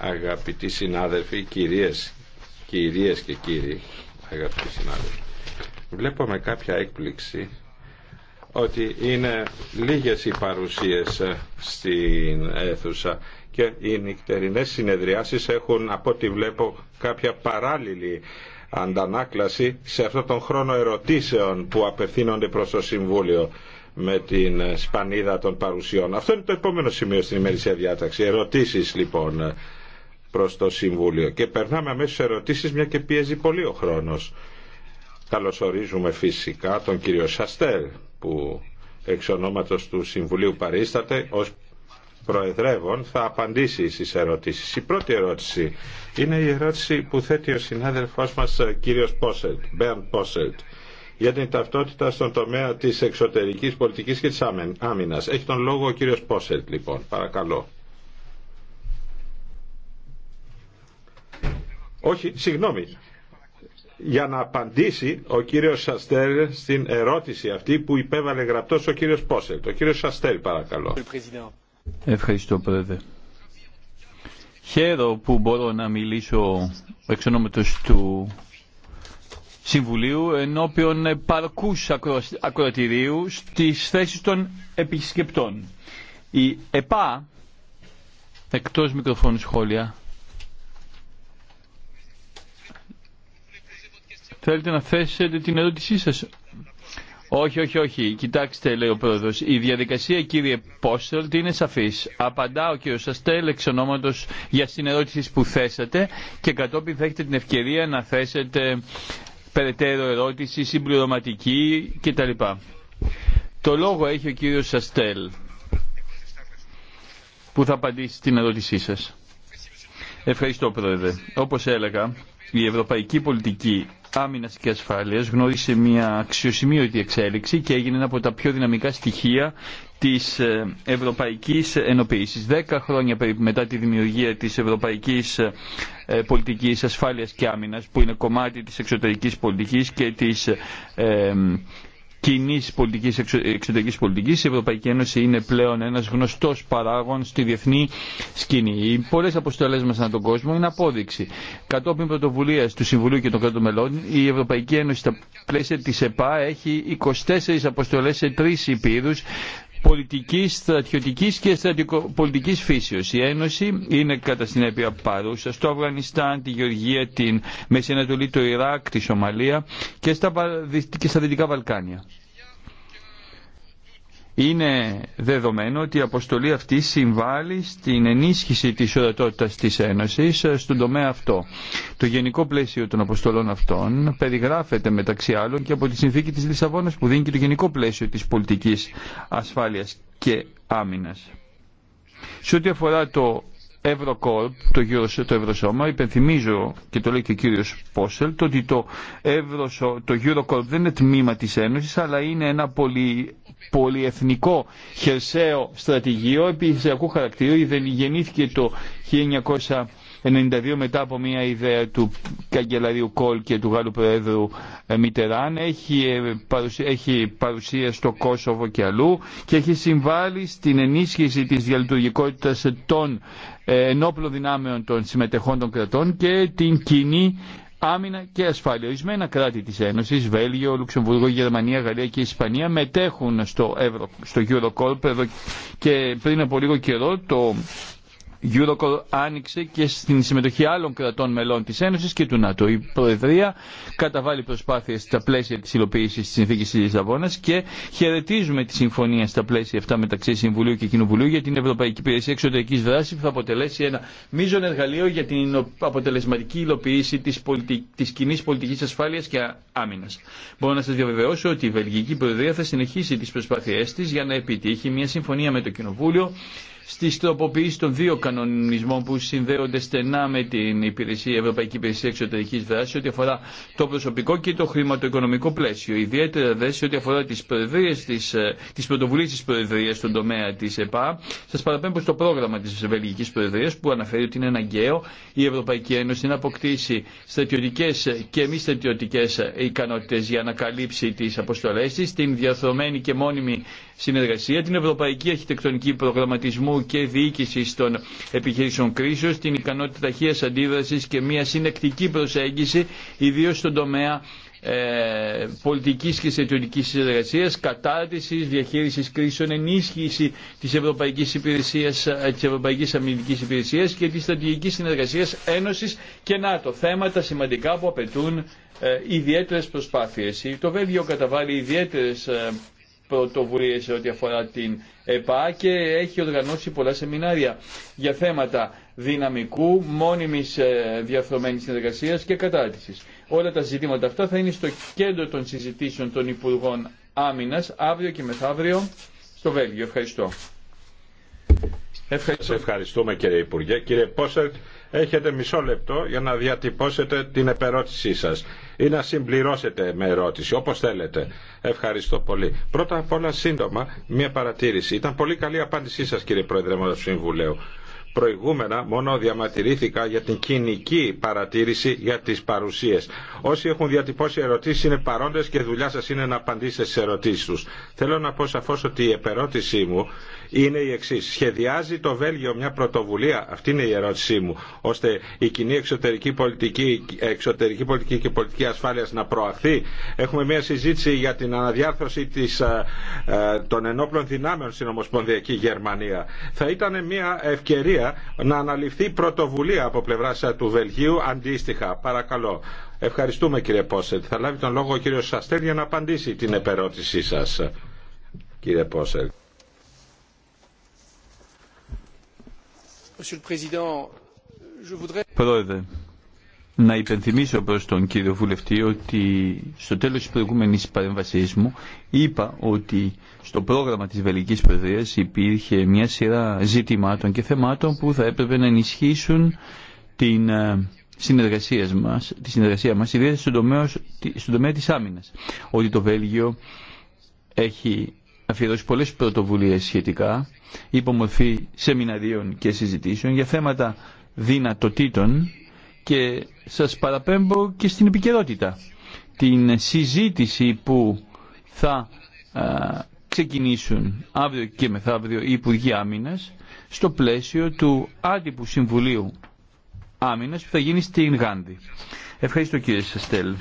Αγαπητοί, συνάδελφοι, κυρίες, κυρίες και κύριοι, αγαπητοί συνάδελφοι, βλέπω με κάποια έκπληξη ότι είναι λίγες οι παρουσίες ε, στην αίθουσα και οι νυχτερινές συνεδριάσεις έχουν από ό,τι βλέπω κάποια παράλληλη αντανάκλαση σε αυτόν τον χρόνο ερωτήσεων που απευθύνονται προς το Συμβούλιο με την σπανίδα των παρουσιών. Αυτό είναι το επόμενο σημείο στην ημερησία διάταξη. Ερωτήσεις λοιπόν προς το Συμβούλιο. Και περνάμε αμέσως ερωτήσεις μια και πιέζει πολύ ο χρόνος. Καλωσορίζουμε φυσικά τον κύριο Σαστέρ που εξ του Συμβουλίου παρίσταται ως Προεδρεύων θα απαντήσει στις ερωτήσεις. Η πρώτη ερώτηση είναι η ερώτηση που θέτει ο συνάδελφός μας ε, κύριος Πόσελτ, Μπέρν Πόσελτ για την ταυτότητα στον τομέα της εξωτερικής πολιτικής και της άμυνας. Έχει τον λόγο ο κύριος Πόσελτ λοιπόν. Παρακαλώ. Όχι, συγγνώμη. Για να απαντήσει ο κύριος Σαστέλ στην ερώτηση αυτή που υπέβαλε γραπτός ο κύριος Πόσελτ. Ο κύριος Σαστέλ παρακαλώ. Ευχαριστώ πρόεδρε. Χαίρο που μπορώ να μιλήσω εξ ονόματος του Συμβουλίου ενώπιον παρκούς ακροατηρίου στις θέσεις των επισκεπτών. Η ΕΠΑ, εκτός μικροφώνου σχόλια, θέλετε να θέσετε την ερώτησή σας όχι, όχι, όχι. Κοιτάξτε, λέει ο πρόεδρο. Η διαδικασία, κύριε Πόστολτ, είναι σαφή. Απαντά ο κύριο Αστέλ εξ ονόματο για την ερώτηση που θέσατε και κατόπιν θα έχετε την ευκαιρία να θέσετε περαιτέρω ερώτηση, συμπληρωματική κτλ. Το λόγο έχει ο κύριο Σαστέλ που θα απαντήσει στην ερώτησή σας. Ευχαριστώ, Πρόεδρε. Όπως έλεγα, η ευρωπαϊκή πολιτική Άμυνα και ασφάλειας γνώρισε μια αξιοσημείωτη εξέλιξη και έγινε ένα από τα πιο δυναμικά στοιχεία της ε, Ευρωπαϊκής Ενοποίησης. Δέκα χρόνια περίπου μετά τη δημιουργία της Ευρωπαϊκής ε, ε, Πολιτικής Ασφάλειας και Άμυνας που είναι κομμάτι της εξωτερικής πολιτικής και της κοινή πολιτική εξωτερικής πολιτική. η Ευρωπαϊκή Ένωση είναι πλέον ένας γνωστός παράγων στη διεθνή σκηνή. Οι πολλές αποστολές μας ανά τον κόσμο είναι απόδειξη. Κατόπιν πρωτοβουλία του Συμβουλίου και των κρατών μελών, η Ευρωπαϊκή Ένωση στα πλαίσια τη ΕΠΑ έχει 24 αποστολέ σε τρει υπήρου πολιτικής, στρατιωτικής και στρατιωπολιτικής φύσεως. Η Ένωση είναι κατά συνέπεια παρούσα στο Αφγανιστάν, τη Γεωργία, την Μέση το Ιράκ, τη Σομαλία και στα, και στα Δυτικά Βαλκάνια. Είναι δεδομένο ότι η αποστολή αυτή συμβάλλει στην ενίσχυση της ορατότητας της Ένωσης ε, στον τομέα αυτό. Το γενικό πλαίσιο των αποστολών αυτών περιγράφεται μεταξύ άλλων και από τη συνθήκη της Λισαβόνας που δίνει και το γενικό πλαίσιο της πολιτικής ασφάλειας και άμυνας. Σε ό,τι αφορά το Ευρωκόρπ, το, το Ευρωσώμα, υπενθυμίζω και το λέει και ο Πόσελ το ότι το, Ευρωσο, το Eurocorp δεν είναι τμήμα τη Ένωση, αλλά είναι ένα πολυ, πολυεθνικό χερσαίο στρατηγείο επιχειρησιακού χαρακτήρα. Γεννήθηκε το 1900 92 μετά από μια ιδέα του καγκελαρίου Κόλ και του Γάλλου Προέδρου ε, Μιτεράν έχει, ε, παρουσία, έχει παρουσία στο Κόσοβο και αλλού και έχει συμβάλει στην ενίσχυση της διαλειτουργικότητας των ε, ενόπλων δυνάμεων των των κρατών και την κοινή άμυνα και ασφάλεια. Ορισμένα κράτη της Ένωσης, Βέλγιο, Λουξεμβούργο, Γερμανία, Γαλλία και Ισπανία μετέχουν στο, στο Eurocorp και πριν από λίγο καιρό το Europol άνοιξε και στην συμμετοχή άλλων κρατών μελών της Ένωσης και του ΝΑΤΟ. Η Προεδρία καταβάλει προσπάθειες στα πλαίσια της υλοποίησης της συνθήκης της Λισαβόνας και χαιρετίζουμε τη συμφωνία στα πλαίσια αυτά μεταξύ Συμβουλίου και Κοινοβουλίου για την Ευρωπαϊκή Υπηρεσία Εξωτερικής Δράσης που θα αποτελέσει ένα μείζον εργαλείο για την αποτελεσματική υλοποίηση της, πολιτι... κοινή πολιτικής ασφάλειας και άμυνας. Μπορώ να σα διαβεβαιώσω ότι η Βελγική Προεδρία θα συνεχίσει τις προσπάθειές της για να επιτύχει μια συμφωνία με το Κοινοβούλιο στις τροποποιήσεις των δύο κανονισμών που συνδέονται στενά με την υπηρεσία, Ευρωπαϊκή Υπηρεσία Εξωτερικής Δράσης ό,τι αφορά το προσωπικό και το χρηματοοικονομικό πλαίσιο. Ιδιαίτερα δε σε ό,τι αφορά τις, προεδρίες, τις, ε, τις πρωτοβουλίες της Προεδρίας στον τομέα της ΕΠΑ. Σας παραπέμπω στο πρόγραμμα της Βελγικής Προεδρίας που αναφέρει ότι είναι αναγκαίο η Ευρωπαϊκή Ένωση να αποκτήσει στρατιωτικές και μη στρατιωτικές ικανότητες για να καλύψει τις αποστολές της, την διαθρωμένη και μόνιμη συνεργασία, την Ευρωπαϊκή Αρχιτεκτονική Προγραμματισμού και διοίκηση των επιχειρήσεων κρίσεως, την ικανότητα ταχείας αντίδρασης και μια συνεκτική προσέγγιση, ιδίως στον τομέα ε, πολιτικής και στρατιωτικής συνεργασίας, κατάρτισης, διαχείρισης κρίσεων, ενίσχυση της Ευρωπαϊκής, Υπηρεσίας, ε, της Ευρωπαϊκής Αμυντικής Υπηρεσίας και της στρατηγικής συνεργασίας Ένωσης και ΝΑΤΟ. Θέματα σημαντικά που απαιτούν ε, ιδιαίτερες προσπάθειες. Το Βέλγιο καταβάλει ιδιαίτερες ε, Πρωτοβουλίε σε ό,τι αφορά την ΕΠΑ και έχει οργανώσει πολλά σεμινάρια για θέματα δυναμικού, μόνιμης ε, διαθρωμένης συνεργασία και κατάρτισης. Όλα τα ζητήματα αυτά θα είναι στο κέντρο των συζητήσεων των Υπουργών Άμυνα, αύριο και μεθαύριο στο Βέλγιο. Ευχαριστώ. Ευχαριστώ. κύριε Υπουργέ. Κύριε έχετε μισό λεπτό για να διατυπώσετε την επερώτησή σας ή να συμπληρώσετε με ερώτηση, όπως θέλετε. Ευχαριστώ πολύ. Πρώτα απ' όλα σύντομα μια παρατήρηση. Ήταν πολύ καλή απάντησή σας κύριε Πρόεδρε του Συμβουλίου προηγούμενα μόνο διαμαρτυρήθηκα για την κοινική παρατήρηση για τις παρουσίες. Όσοι έχουν διατυπώσει ερωτήσεις είναι παρόντες και δουλειά σας είναι να απαντήσετε στις ερωτήσεις τους. Θέλω να πω σαφώς ότι η επερώτησή μου είναι η εξή. Σχεδιάζει το Βέλγιο μια πρωτοβουλία, αυτή είναι η ερώτησή μου, ώστε η κοινή εξωτερική πολιτική, εξωτερική πολιτική και πολιτική ασφάλεια να προαχθεί. Έχουμε μια συζήτηση για την αναδιάρθρωση της, των ενόπλων δυνάμεων στην Ομοσπονδιακή Γερμανία. Θα ήταν μια ευκαιρία να αναλυφθεί πρωτοβουλία από πλευρά ε, του Βελγίου αντίστοιχα. Παρακαλώ. Ευχαριστούμε κύριε Πόσετ. Θα λάβει τον λόγο ο κύριος Σαστέλ για να απαντήσει την επερώτησή σας. Κύριε Πόσετ. Πρόεδρε, να υπενθυμίσω προς τον κύριο Βουλευτή ότι στο τέλος της προηγούμενης παρέμβασής μου είπα ότι στο πρόγραμμα της Βελγικής Προεδρίας υπήρχε μια σειρά ζητημάτων και θεμάτων που θα έπρεπε να ενισχύσουν την ε, συνεργασία μας, τη συνεργασία μας ιδιαίτερα στον τομέα, στον τομέα της άμυνας. Ότι το Βέλγιο έχει αφιερώσει πολλές πρωτοβουλίες σχετικά υπομορφή σεμιναρίων και συζητήσεων για θέματα δυνατοτήτων και σας παραπέμπω και στην επικαιρότητα. Την συζήτηση που θα ξεκινήσουν αύριο και μεθαύριο οι Υπουργοί Άμυνας στο πλαίσιο του άτυπου Συμβουλίου Άμυνας που θα γίνει στην Γάνδη. Ευχαριστώ κύριε Σαστέλ.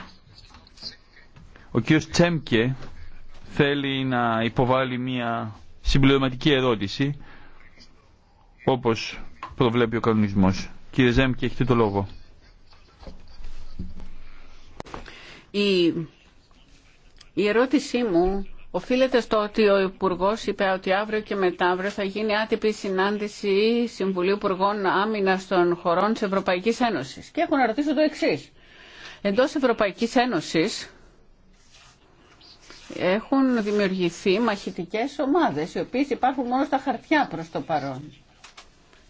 Ο κύριος Τσέμκε θέλει να υποβάλει μια συμπληρωματική ερώτηση όπως προβλέπει ο κανονισμός. Κύριε Ζέμκε έχετε το λόγο. Η, ερώτησή μου οφείλεται στο ότι ο Υπουργό είπε ότι αύριο και μετά αύριο θα γίνει άτυπη συνάντηση Συμβουλίου Υπουργών Άμυνα των χωρών τη Ευρωπαϊκή Ένωση. Και έχω να ρωτήσω το εξή. Εντό Ευρωπαϊκή Ένωση έχουν δημιουργηθεί μαχητικές ομάδες οι οποίες υπάρχουν μόνο στα χαρτιά προς το παρόν.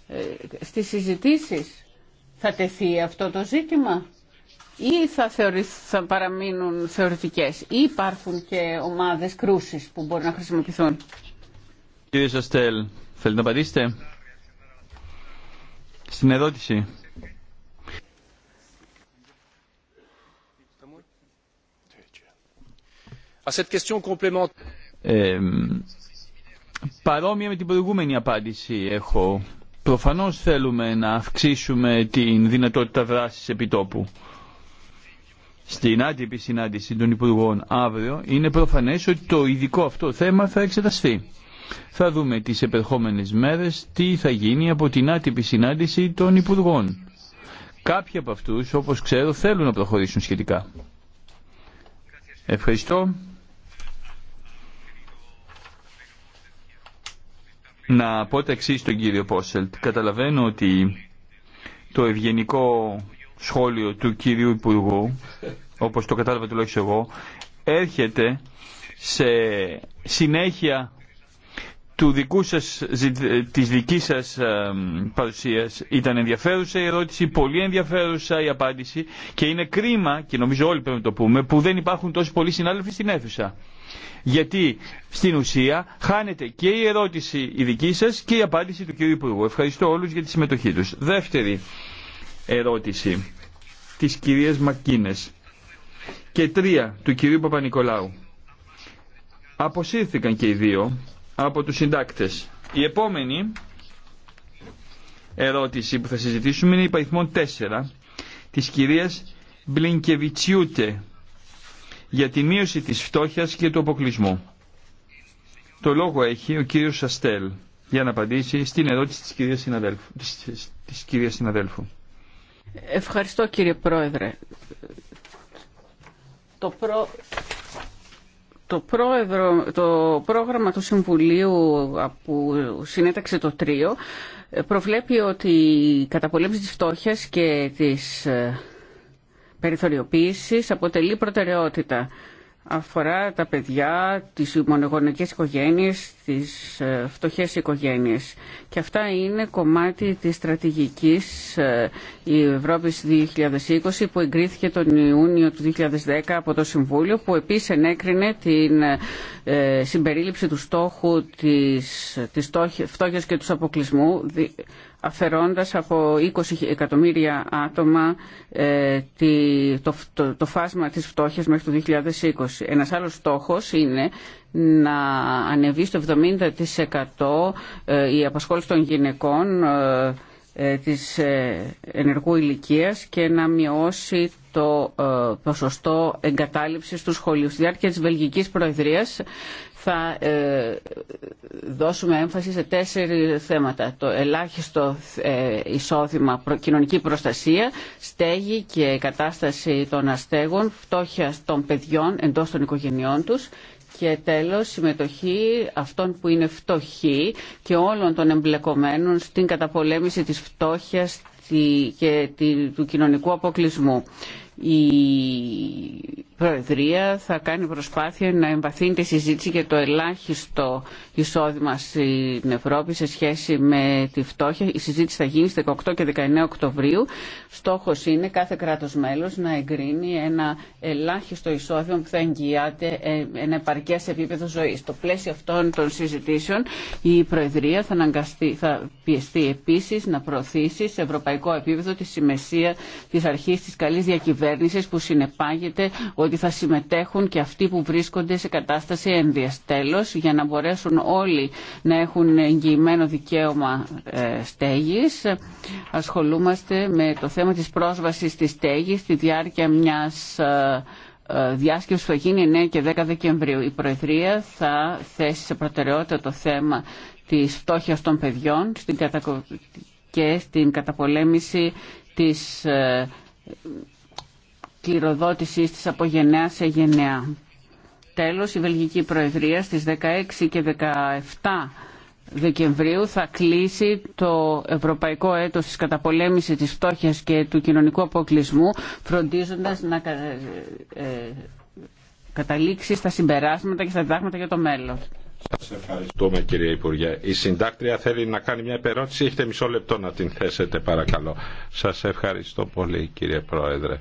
Ε, στις συζητήσεις θα τεθεί αυτό το ζήτημα ή θα, θα παραμείνουν θεωρητικές ή υπάρχουν και ομάδες κρούσης που μπορεί να χρησιμοποιηθούν. Κύριε Σαστέλ, θέλετε να απαντήσετε στην ερώτηση. παρόμοια με την προηγούμενη απάντηση έχω. Προφανώς θέλουμε να αυξήσουμε την δυνατότητα δράσης επιτόπου στην άτυπη συνάντηση των Υπουργών αύριο, είναι προφανές ότι το ειδικό αυτό θέμα θα εξεταστεί. Θα δούμε τις επερχόμενες μέρες τι θα γίνει από την άτυπη συνάντηση των Υπουργών. Κάποιοι από αυτούς, όπως ξέρω, θέλουν να προχωρήσουν σχετικά. Ευχαριστώ. Να πω τα εξή στον κύριο Πόσελτ. Καταλαβαίνω ότι το ευγενικό σχόλιο του κυρίου Υπουργού, όπως το κατάλαβα τουλάχιστον εγώ, έρχεται σε συνέχεια του δικού σας, της δικής σας ε, παρουσίας ήταν ενδιαφέρουσα η ερώτηση, πολύ ενδιαφέρουσα η απάντηση και είναι κρίμα, και νομίζω όλοι πρέπει να το πούμε, που δεν υπάρχουν τόσοι πολλοί συνάδελφοι στην αίθουσα. Γιατί στην ουσία χάνεται και η ερώτηση η δική σας και η απάντηση του κ. Υπουργού. Ευχαριστώ όλους για τη συμμετοχή τους. Δεύτερη ερώτηση της κυρίας Μακίνες και τρία του κυρίου Παπα-Νικολάου. Αποσύρθηκαν και οι δύο από τους συντάκτες. Η επόμενη ερώτηση που θα συζητήσουμε είναι η παριθμόν 4 της κυρίας Μπλινκεβιτσιούτε για τη μείωση της φτώχειας και του αποκλεισμού. Το λόγο έχει ο κύριος Σαστέλ για να απαντήσει στην ερώτηση της κυρίας της κυρίας συναδέλφου. Ευχαριστώ κύριε Πρόεδρε. Το, πρόεδρο... το πρόγραμμα του Συμβουλίου που συνέταξε το τρίο προβλέπει ότι η καταπολέμηση της φτώχειας και της ε, περιθωριοποίησης αποτελεί προτεραιότητα αφορά τα παιδιά, τις μονογονικές οικογένειες, τις ε, φτωχές οικογένειες. Και αυτά είναι κομμάτι της στρατηγικής ε, η Ευρώπης 2020 που εγκρίθηκε τον Ιούνιο του 2010 από το Συμβούλιο που επίσης ενέκρινε την ε, συμπερίληψη του στόχου της, της φτώχειας και του αποκλεισμού αφαιρώντας από 20 εκατομμύρια άτομα ε, το φάσμα της φτώχειας μέχρι το 2020. Ένας άλλος στόχος είναι να ανεβεί στο 70% ε, η απασχόληση των γυναικών ε, της ενεργού ηλικίας και να μειώσει το ποσοστό εγκατάλειψης του σχολείου. Στη διάρκεια της Βελγικής Προεδρίας θα ε, δώσουμε έμφαση σε τέσσερι θέματα. Το ελάχιστο ε, εισόδημα, κοινωνική προστασία, στέγη και κατάσταση των αστέγων, φτώχεια των παιδιών εντός των οικογενειών τους και τέλος συμμετοχή αυτών που είναι φτωχοί και όλων των εμπλεκομένων στην καταπολέμηση της φτώχειας και του κοινωνικού αποκλεισμού. Προεδρία θα κάνει προσπάθεια να εμβαθύνει τη συζήτηση για το ελάχιστο εισόδημα στην Ευρώπη σε σχέση με τη φτώχεια. Η συζήτηση θα γίνει στις 18 και 19 Οκτωβρίου. Στόχος είναι κάθε κράτος μέλος να εγκρίνει ένα ελάχιστο εισόδημα που θα εγγυάται ε, ένα επαρκές επίπεδο ζωής. Στο πλαίσιο αυτών των συζητήσεων η Προεδρία θα, αναγκαστεί, θα πιεστεί επίσης να προωθήσει σε ευρωπαϊκό επίπεδο τη σημασία της αρχής της καλής διακυβέρνησης που συνεπάγεται ότι θα συμμετέχουν και αυτοί που βρίσκονται σε κατάσταση ένδυας. για να μπορέσουν όλοι να έχουν εγγυημένο δικαίωμα ε, στέγης, ασχολούμαστε με το θέμα της πρόσβασης της στέγης στη διάρκεια μιας ε, ε, διάσκεψη που θα γίνει 9 και 10 Δεκεμβρίου. Η Προεδρία θα θέσει σε προτεραιότητα το θέμα της φτώχειας των παιδιών και στην καταπολέμηση της κληροδότησής της από γενναία σε γενναία. Τέλος, η Βελγική Προεδρία στις 16 και 17 Δεκεμβρίου θα κλείσει το Ευρωπαϊκό Έτος της καταπολέμησης της φτώχειας και του κοινωνικού αποκλεισμού φροντίζοντας να ε, καταλήξει στα συμπεράσματα και στα διδάγματα για το μέλλον. Σας ευχαριστούμε κύριε Υπουργέ. Η συντάκτρια θέλει να κάνει μια επερώτηση. Έχετε μισό λεπτό να την θέσετε παρακαλώ. Σας ευχαριστώ πολύ κύριε Πρόεδρε.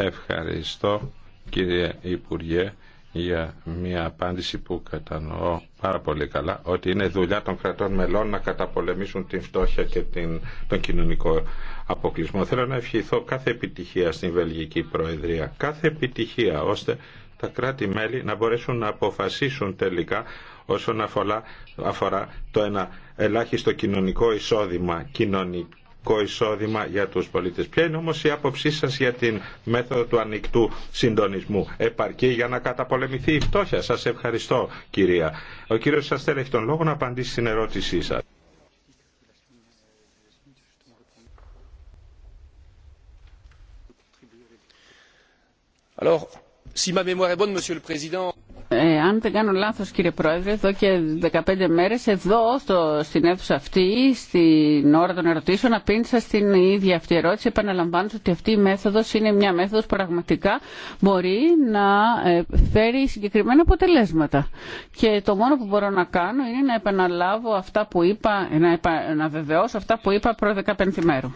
Ευχαριστώ κύριε Υπουργέ για μια απάντηση που κατανοώ πάρα πολύ καλά ότι είναι δουλειά των κρατών μελών να καταπολεμήσουν την φτώχεια και την, τον κοινωνικό αποκλεισμό. Θέλω να ευχηθώ κάθε επιτυχία στην Βελγική Προεδρία, κάθε επιτυχία ώστε τα κράτη-μέλη να μπορέσουν να αποφασίσουν τελικά όσον αφορά, αφορά το ένα ελάχιστο κοινωνικό εισόδημα, κοινωνικό εισόδημα για τους πολίτες. Ποια είναι όμως η άποψή σας για την μέθοδο του ανοιχτού συντονισμού. Επαρκεί για να καταπολεμηθεί η φτώχεια. Σας ευχαριστώ κυρία. Ο κύριος Σαστέρ έχει τον λόγο να απαντήσει στην ερώτησή σας. Alors, si ma mémoire est bonne, Monsieur le Président, ε, αν δεν κάνω λάθος κύριε Πρόεδρε, εδώ και 15 μέρες εδώ στο, στην αίθουσα αυτή, στην ώρα των ερωτήσεων, απήντησα στην ίδια αυτή ερώτηση, επαναλαμβάνω ότι αυτή η μέθοδος είναι μια μέθοδος που πραγματικά μπορεί να ε, φέρει συγκεκριμένα αποτελέσματα. Και το μόνο που μπορώ να κάνω είναι να επαναλάβω αυτά που είπα, να, επα, να βεβαιώσω αυτά που είπα προ 15 μέρου.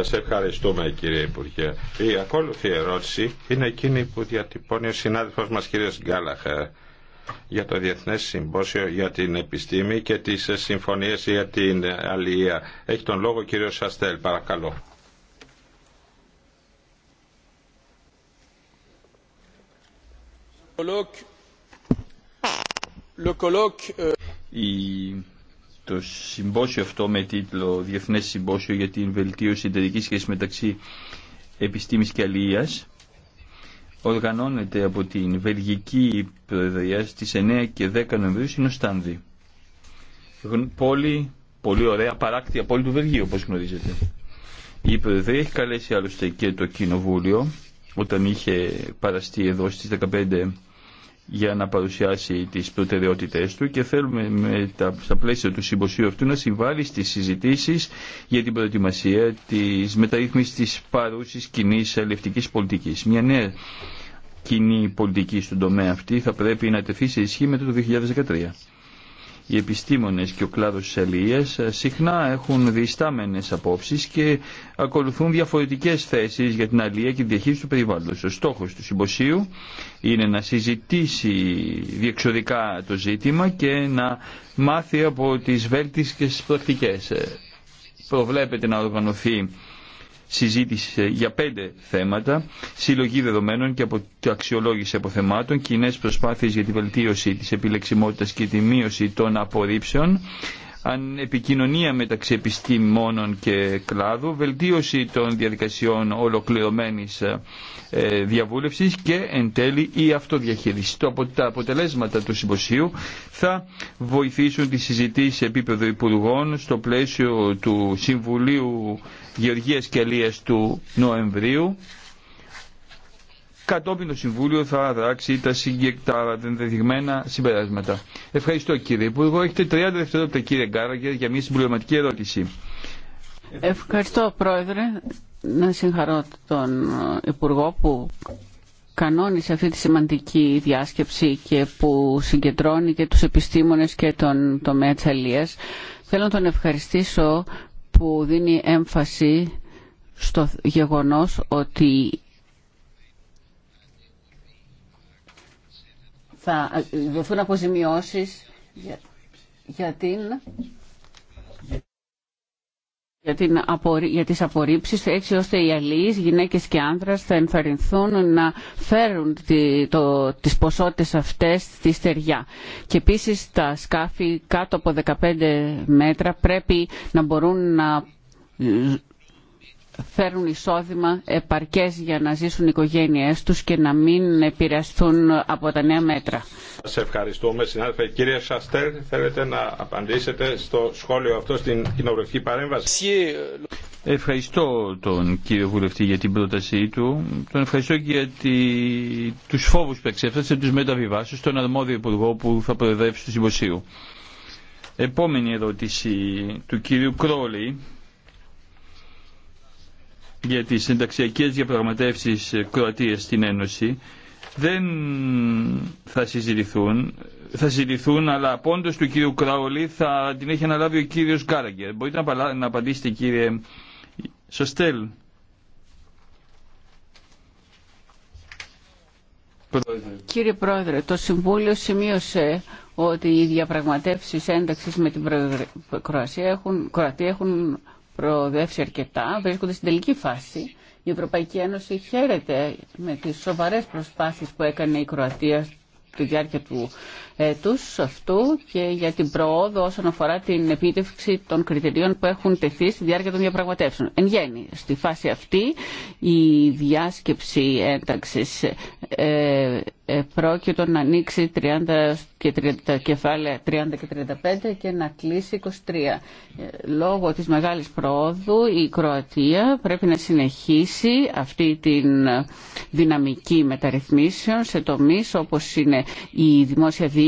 Σα ευχαριστούμε κύριε Υπουργέ. Η ακόλουθη ερώτηση είναι εκείνη που διατυπώνει ο συνάδελφος μας κύριος Γκάλαχερ για το Διεθνές Συμπόσιο για την Επιστήμη και τις συμφωνίες για την αλληλεία. Έχει τον λόγο ο κύριος Σαστέλ, παρακαλώ. Euh, το συμπόσιο αυτό με τίτλο Διεθνές Συμπόσιο για την Βελτίωση Εταιρικής Σχέσης μεταξύ Επιστήμης και Αλληλείας οργανώνεται από την Βελγική Προεδρία στις 9 και 10 Νοεμβρίου στην Οστάνδη. Πόλη, πολύ ωραία, παράκτια πόλη του Βελγίου όπως γνωρίζετε. Η Προεδρία έχει καλέσει άλλωστε και το Κοινοβούλιο όταν είχε παραστεί εδώ στις 15 για να παρουσιάσει τις προτεραιότητές του και θέλουμε με τα, στα πλαίσια του συμποσίου αυτού να συμβάλλει στις συζητήσεις για την προετοιμασία της μεταρρύθμισης της παρούσης κοινή αλληλευτικής πολιτικής. Μια νέα κοινή πολιτική στον τομέα αυτή θα πρέπει να τεθεί σε ισχύ μετά το 2013 οι επιστήμονες και ο κλάδος της αλληλείας ε, συχνά έχουν διστάμενες απόψεις και ακολουθούν διαφορετικές θέσεις για την αλληλεία και τη διαχείριση του περιβάλλοντος. Ο στόχος του συμποσίου είναι να συζητήσει διεξοδικά το ζήτημα και να μάθει από τις βέλτιστες πρακτικές. Ε, προβλέπεται να οργανωθεί συζήτηση για πέντε θέματα, συλλογή δεδομένων και από αξιολόγηση αποθεμάτων, κοινέ προσπάθειε για τη βελτίωση τη επιλεξιμότητα και τη μείωση των απορρίψεων, επικοινωνία μεταξύ επιστήμων και κλάδου, βελτίωση των διαδικασιών ολοκληρωμένης ε, διαβούλευσης και εν τέλει η αυτοδιαχείριση. Τα αποτελέσματα του συμποσίου θα βοηθήσουν τη συζητή σε επίπεδο υπουργών στο πλαίσιο του Συμβουλίου Γεωργίας και Αλίας του Νοεμβρίου κατόπιν το Συμβούλιο θα δράξει τα, συγκεκριμένα συμπεράσματα. Ευχαριστώ κύριε Υπουργό. Έχετε 30 δευτερόλεπτα κύριε Γκάραγκερ για μια συμπληρωματική ερώτηση. Ευχαριστώ πρόεδρε. Να συγχαρώ τον Υπουργό που κανόνισε αυτή τη σημαντική διάσκεψη και που συγκεντρώνει και τους επιστήμονες και τον τομέα της αλίας. Θέλω να τον ευχαριστήσω που δίνει έμφαση στο γεγονός ότι θα ε, δοθούν αποζημιώσεις για, για την... Για, την για τις απορρίψεις έτσι ώστε οι αλληλείς, γυναίκες και άνδρας θα ενθαρρυνθούν να φέρουν τη, το, τις ποσότητες αυτές στη στεριά. Και επίσης τα σκάφη κάτω από 15 μέτρα πρέπει να μπορούν να φέρουν εισόδημα επαρκές για να ζήσουν οι οικογένειές τους και να μην επηρεαστούν από τα νέα μέτρα. Σας ευχαριστούμε συνάδελφε. Κύριε Σαστέρ, θέλετε να απαντήσετε στο σχόλιο αυτό στην κοινοβουλευτική παρέμβαση. Ευχαριστώ τον κύριο Βουλευτή για την πρότασή του. Τον ευχαριστώ και για τη... τους φόβους που εξέφρασε, τους μεταβιβάσεις, τον αρμόδιο υπουργό που θα προεδρεύσει του Συμποσίου. Επόμενη ερώτηση του κύριου Κρόλη για τις συνταξιακές διαπραγματεύσεις Κροατίας στην Ένωση δεν θα συζητηθούν, θα συζητηθούν αλλά απόντος του κύριου Κράουλη θα την έχει αναλάβει ο κύριος Γκάραγκερ. Μπορείτε να απαντήσετε κύριε Σωστέλ. Κύριε Πρόεδρε, το Συμβούλιο σημείωσε ότι οι διαπραγματεύσεις ένταξης με την Κροατία έχουν, έχουν προοδεύσει αρκετά, βρίσκονται στην τελική φάση. Η Ευρωπαϊκή Ένωση χαίρεται με τις σοβαρές προσπάθειες που έκανε η Κροατία στη διάρκεια του έτους αυτού και για την προόδο όσον αφορά την επίτευξη των κριτηρίων που έχουν τεθεί στη διάρκεια των διαπραγματεύσεων. Εν γέννη, στη φάση αυτή η διάσκεψη ένταξης ε, ε πρόκειται να ανοίξει 30 και 30, κεφάλαια 30 και 35 και να κλείσει 23. Ε, λόγω της μεγάλης προόδου η Κροατία πρέπει να συνεχίσει αυτή την δυναμική μεταρρυθμίσεων σε τομείς όπως είναι η δημόσια διοίκηση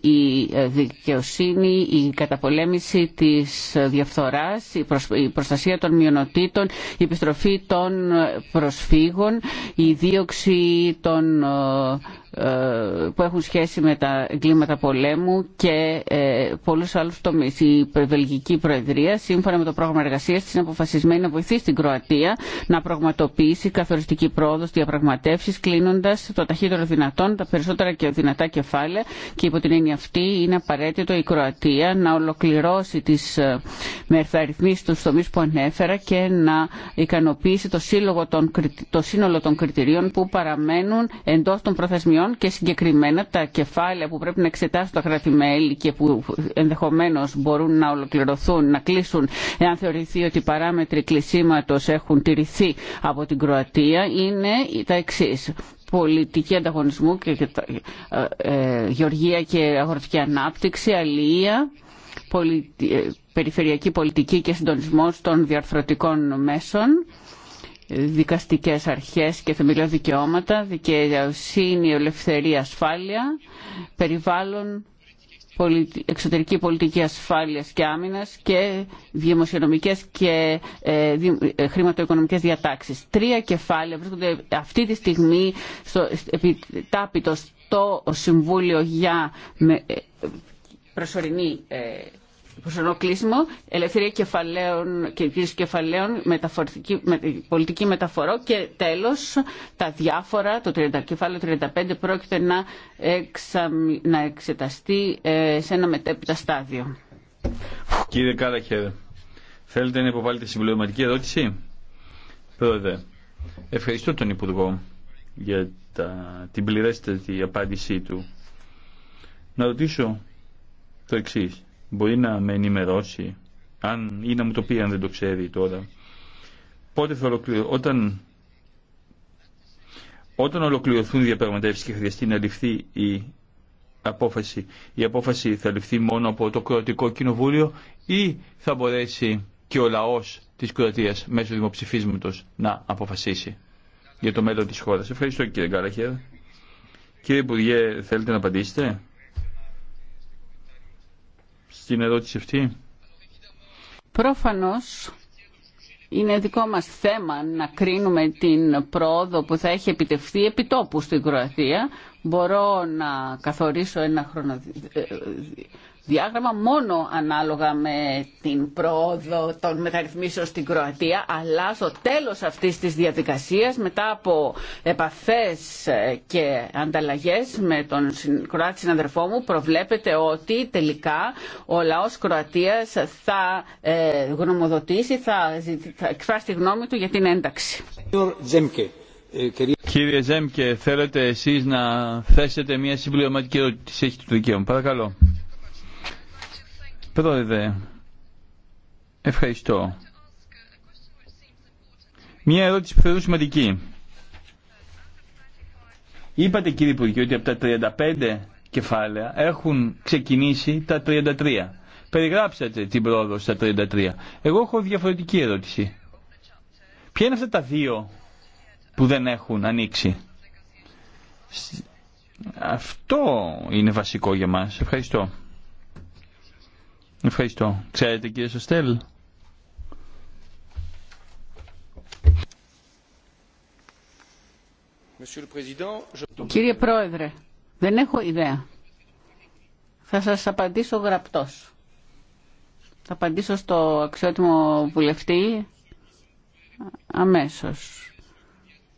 η ε, δικαιοσύνη, η καταπολέμηση της διαφθοράς, η προστασία των μειονοτήτων, η επιστροφή των προσφύγων, η δίωξη των ε, ε, που έχουν σχέση με τα εγκλήματα πολέμου και ε, πολλούς άλλους τομείς. Η Βελγική Προεδρία, σύμφωνα με το πρόγραμμα εργασίας της, είναι αποφασισμένη να βοηθήσει την Κροατία να πραγματοποιήσει καθοριστική πρόοδο διαπραγματεύσεις, κλείνοντας το ταχύτερο δυνατόν τα περισσότερα και δυνατά κεφάλαια και υπό την έννοια αυτή είναι απαραίτητο η Κροατία να ολοκληρώσει τις ε, μερθαριθμίσεις του τομεί που ανέφερα και να ικανοποιήσει το, των, το σύνολο των κριτηρίων που παραμένουν εντός των προθεσμιών και συγκεκριμένα τα κεφάλαια που πρέπει να εξετάσουν τα κράτη-μέλη και που ενδεχομένως μπορούν να ολοκληρωθούν, να κλείσουν εάν θεωρηθεί ότι οι παράμετροι κλεισίματο έχουν τηρηθεί από την Κροατία είναι τα εξή πολιτική ανταγωνισμού και, ε, ε, γεωργία και αγροτική ανάπτυξη, αλληλεία, ε, περιφερειακή πολιτική και συντονισμό των διαρθρωτικών μέσων δικαστικές αρχές και θεμελιώδη δικαιώματα, δικαιοσύνη, ελευθερία, ασφάλεια, περιβάλλον, εξωτερική πολιτική ασφάλειας και άμυνας και δημοσιονομικές και ε, ε, χρηματοοικονομικές διατάξεις. Τρία κεφάλαια βρίσκονται αυτή τη στιγμή στο, επιτάπητο στο Συμβούλιο για ε, προσωρινή προσωρινό κλείσιμο, ελευθερία κεφαλαίων και κρίση κεφαλαίων, πολιτική μεταφορό και τέλος τα διάφορα, το 30, κεφάλαιο 35 πρόκειται να, να εξεταστεί ε, σε ένα μετέπειτα στάδιο. Κύριε Κάραχερ, θέλετε να υποβάλλετε συμπληρωματική ερώτηση. Πρόεδρε, ευχαριστώ τον Υπουργό για τα, την πληρέστατη απάντησή του. Να ρωτήσω το εξής μπορεί να με ενημερώσει αν, ή να μου το πει αν δεν το ξέρει τώρα. Πότε θα όταν... ολοκληρωθούν οι διαπραγματεύσεις και χρειαστεί να ληφθεί η απόφαση, η απόφαση θα ληφθεί μόνο από το Κροατικό Κοινοβούλιο ή θα μπορέσει και ο λαός της Κροατίας μέσω δημοψηφίσματος να αποφασίσει για το μέλλον της χώρας. Ευχαριστώ κύριε Γκάλαχερ. Κύριε Υπουργέ, θέλετε να απαντήσετε στην ερώτηση αυτή. Πρόφανως είναι δικό μας θέμα να κρίνουμε την πρόοδο που θα έχει επιτευχθεί επιτόπου στην Κροατία. Μπορώ να καθορίσω ένα χρονοδι... Ε, διάγραμμα μόνο ανάλογα με την πρόοδο των μεταρρυθμίσεων στην Κροατία, αλλά στο τέλος αυτής της διαδικασίας, μετά από επαφές ε, και ανταλλαγές με τον Κροάτη συναδερφό μου, προβλέπεται ότι τελικά ο λαός Κροατίας θα ε, γνωμοδοτήσει, θα, εκφράσει τη γνώμη του για την ένταξη. Ε, Κύριε Ζέμκε, θέλετε εσείς να θέσετε μια συμπληρωματική ερώτηση. Έχετε το δικαίωμα. Παρακαλώ. Πρόεδρε, ευχαριστώ. Μια ερώτηση που θεωρώ σημαντική. Είπατε κύριε Υπουργέ ότι από τα 35 κεφάλαια έχουν ξεκινήσει τα 33. Περιγράψατε την πρόοδο στα 33. Εγώ έχω διαφορετική ερώτηση. Ποια είναι αυτά τα δύο που δεν έχουν ανοίξει. Αυτό είναι βασικό για μας. Ευχαριστώ. Ευχαριστώ. Ξέρετε κύριε Σαστέλ. Κύριε Πρόεδρε, δεν έχω ιδέα. Θα σας απαντήσω γραπτός. Θα απαντήσω στο αξιότιμο βουλευτή αμέσως.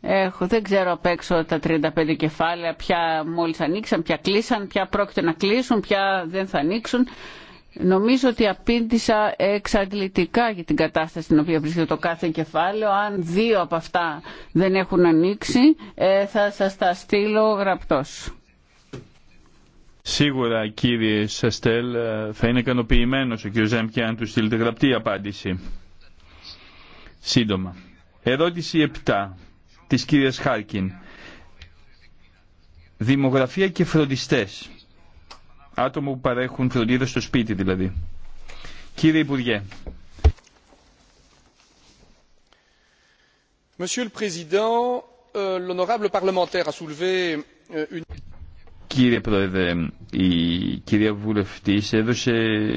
Έχω, δεν ξέρω απ' έξω τα 35 κεφάλαια, ποια μόλις ανοίξαν, ποια κλείσαν, ποια πρόκειται να κλείσουν, ποια δεν θα ανοίξουν. Νομίζω ότι απήντησα εξαντλητικά για την κατάσταση στην οποία βρίσκεται το κάθε κεφάλαιο. Αν δύο από αυτά δεν έχουν ανοίξει, ε, θα σας τα στείλω γραπτός. Σίγουρα κύριε Σαστέλ ε, θα είναι ικανοποιημένο ο κύριος και αν του στείλετε γραπτή απάντηση. Σύντομα. Ερώτηση 7 της κυρίας Χάρκιν. Δημογραφία και φροντιστές. Άτομο που παρέχουν φροντίδα στο σπίτι δηλαδή. Κύριε Υπουργέ. Monsieur le euh, euh, Κύριε Πρόεδρε, η κυρία Βουλευτή έδωσε,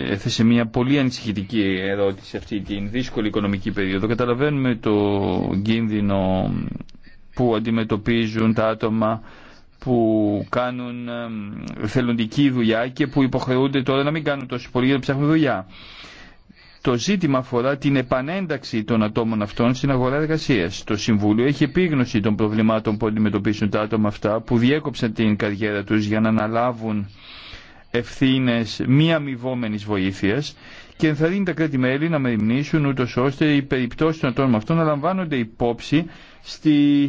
έθεσε μια πολύ ανησυχητική ερώτηση αυτή την δύσκολη οικονομική περίοδο. Καταλαβαίνουμε το κίνδυνο που αντιμετωπίζουν τα άτομα που κάνουν θελοντική δουλειά και που υποχρεούνται τώρα να μην κάνουν τόσο πολύ για να ψάχνουν δουλειά. Το ζήτημα αφορά την επανένταξη των ατόμων αυτών στην αγορά εργασία. Το Συμβούλιο έχει επίγνωση των προβλημάτων που αντιμετωπίσουν τα άτομα αυτά που διέκοψαν την καριέρα του για να αναλάβουν ευθύνε μη αμοιβόμενη βοήθεια και ενθαρρύνει τα κράτη-μέλη να μεριμνήσουν ούτω ώστε οι περιπτώσει των ατόμων αυτών να λαμβάνονται υπόψη στη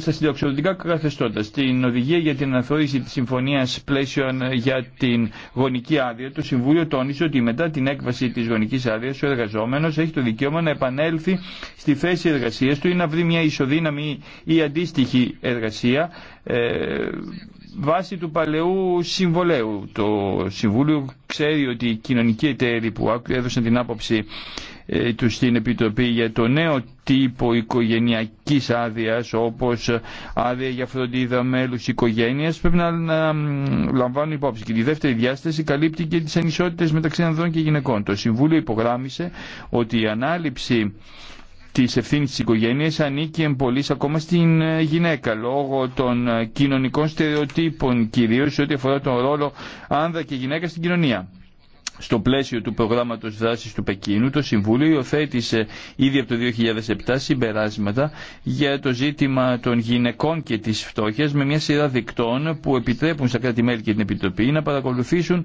στα συνταξιοδοτικά καθεστώτα, στην οδηγία για την αναθεώρηση της συμφωνίας πλαίσιων για την γονική άδεια, το Συμβούλιο τόνισε ότι μετά την έκβαση της γονικής άδειας ο εργαζόμενος έχει το δικαίωμα να επανέλθει στη θέση εργασίας του ή να βρει μια ισοδύναμη ή αντίστοιχη εργασία ε, βάσει του παλαιού συμβολέου. Το Συμβούλιο ξέρει ότι οι κοινωνικοί εταίροι που έδωσαν την άποψη ε, του στην Επιτροπή για το νέο τύπο οικογενειακής άδειας όπως άδεια για φροντίδα μέλους οικογένειας πρέπει να, λαμβάνουν υπόψη και τη δεύτερη διάσταση καλύπτει και τις ανισότητες μεταξύ ανδρών και γυναικών. Το Συμβούλιο υπογράμμισε ότι η ανάληψη τη ευθύνη τη οικογένεια ανήκει εμπολή ακόμα στην ε, γυναίκα λόγω των ε, κοινωνικών στερεοτύπων, κυρίω ό,τι αφορά τον ρόλο άνδρα και γυναίκα στην κοινωνία. Στο πλαίσιο του προγράμματος δράση του Πεκίνου, το Συμβούλιο υιοθέτησε ήδη από το 2007 συμπεράσματα για το ζήτημα των γυναικών και τη φτώχεια με μια σειρά δικτών που επιτρέπουν στα κράτη-μέλη και την Επιτροπή να παρακολουθήσουν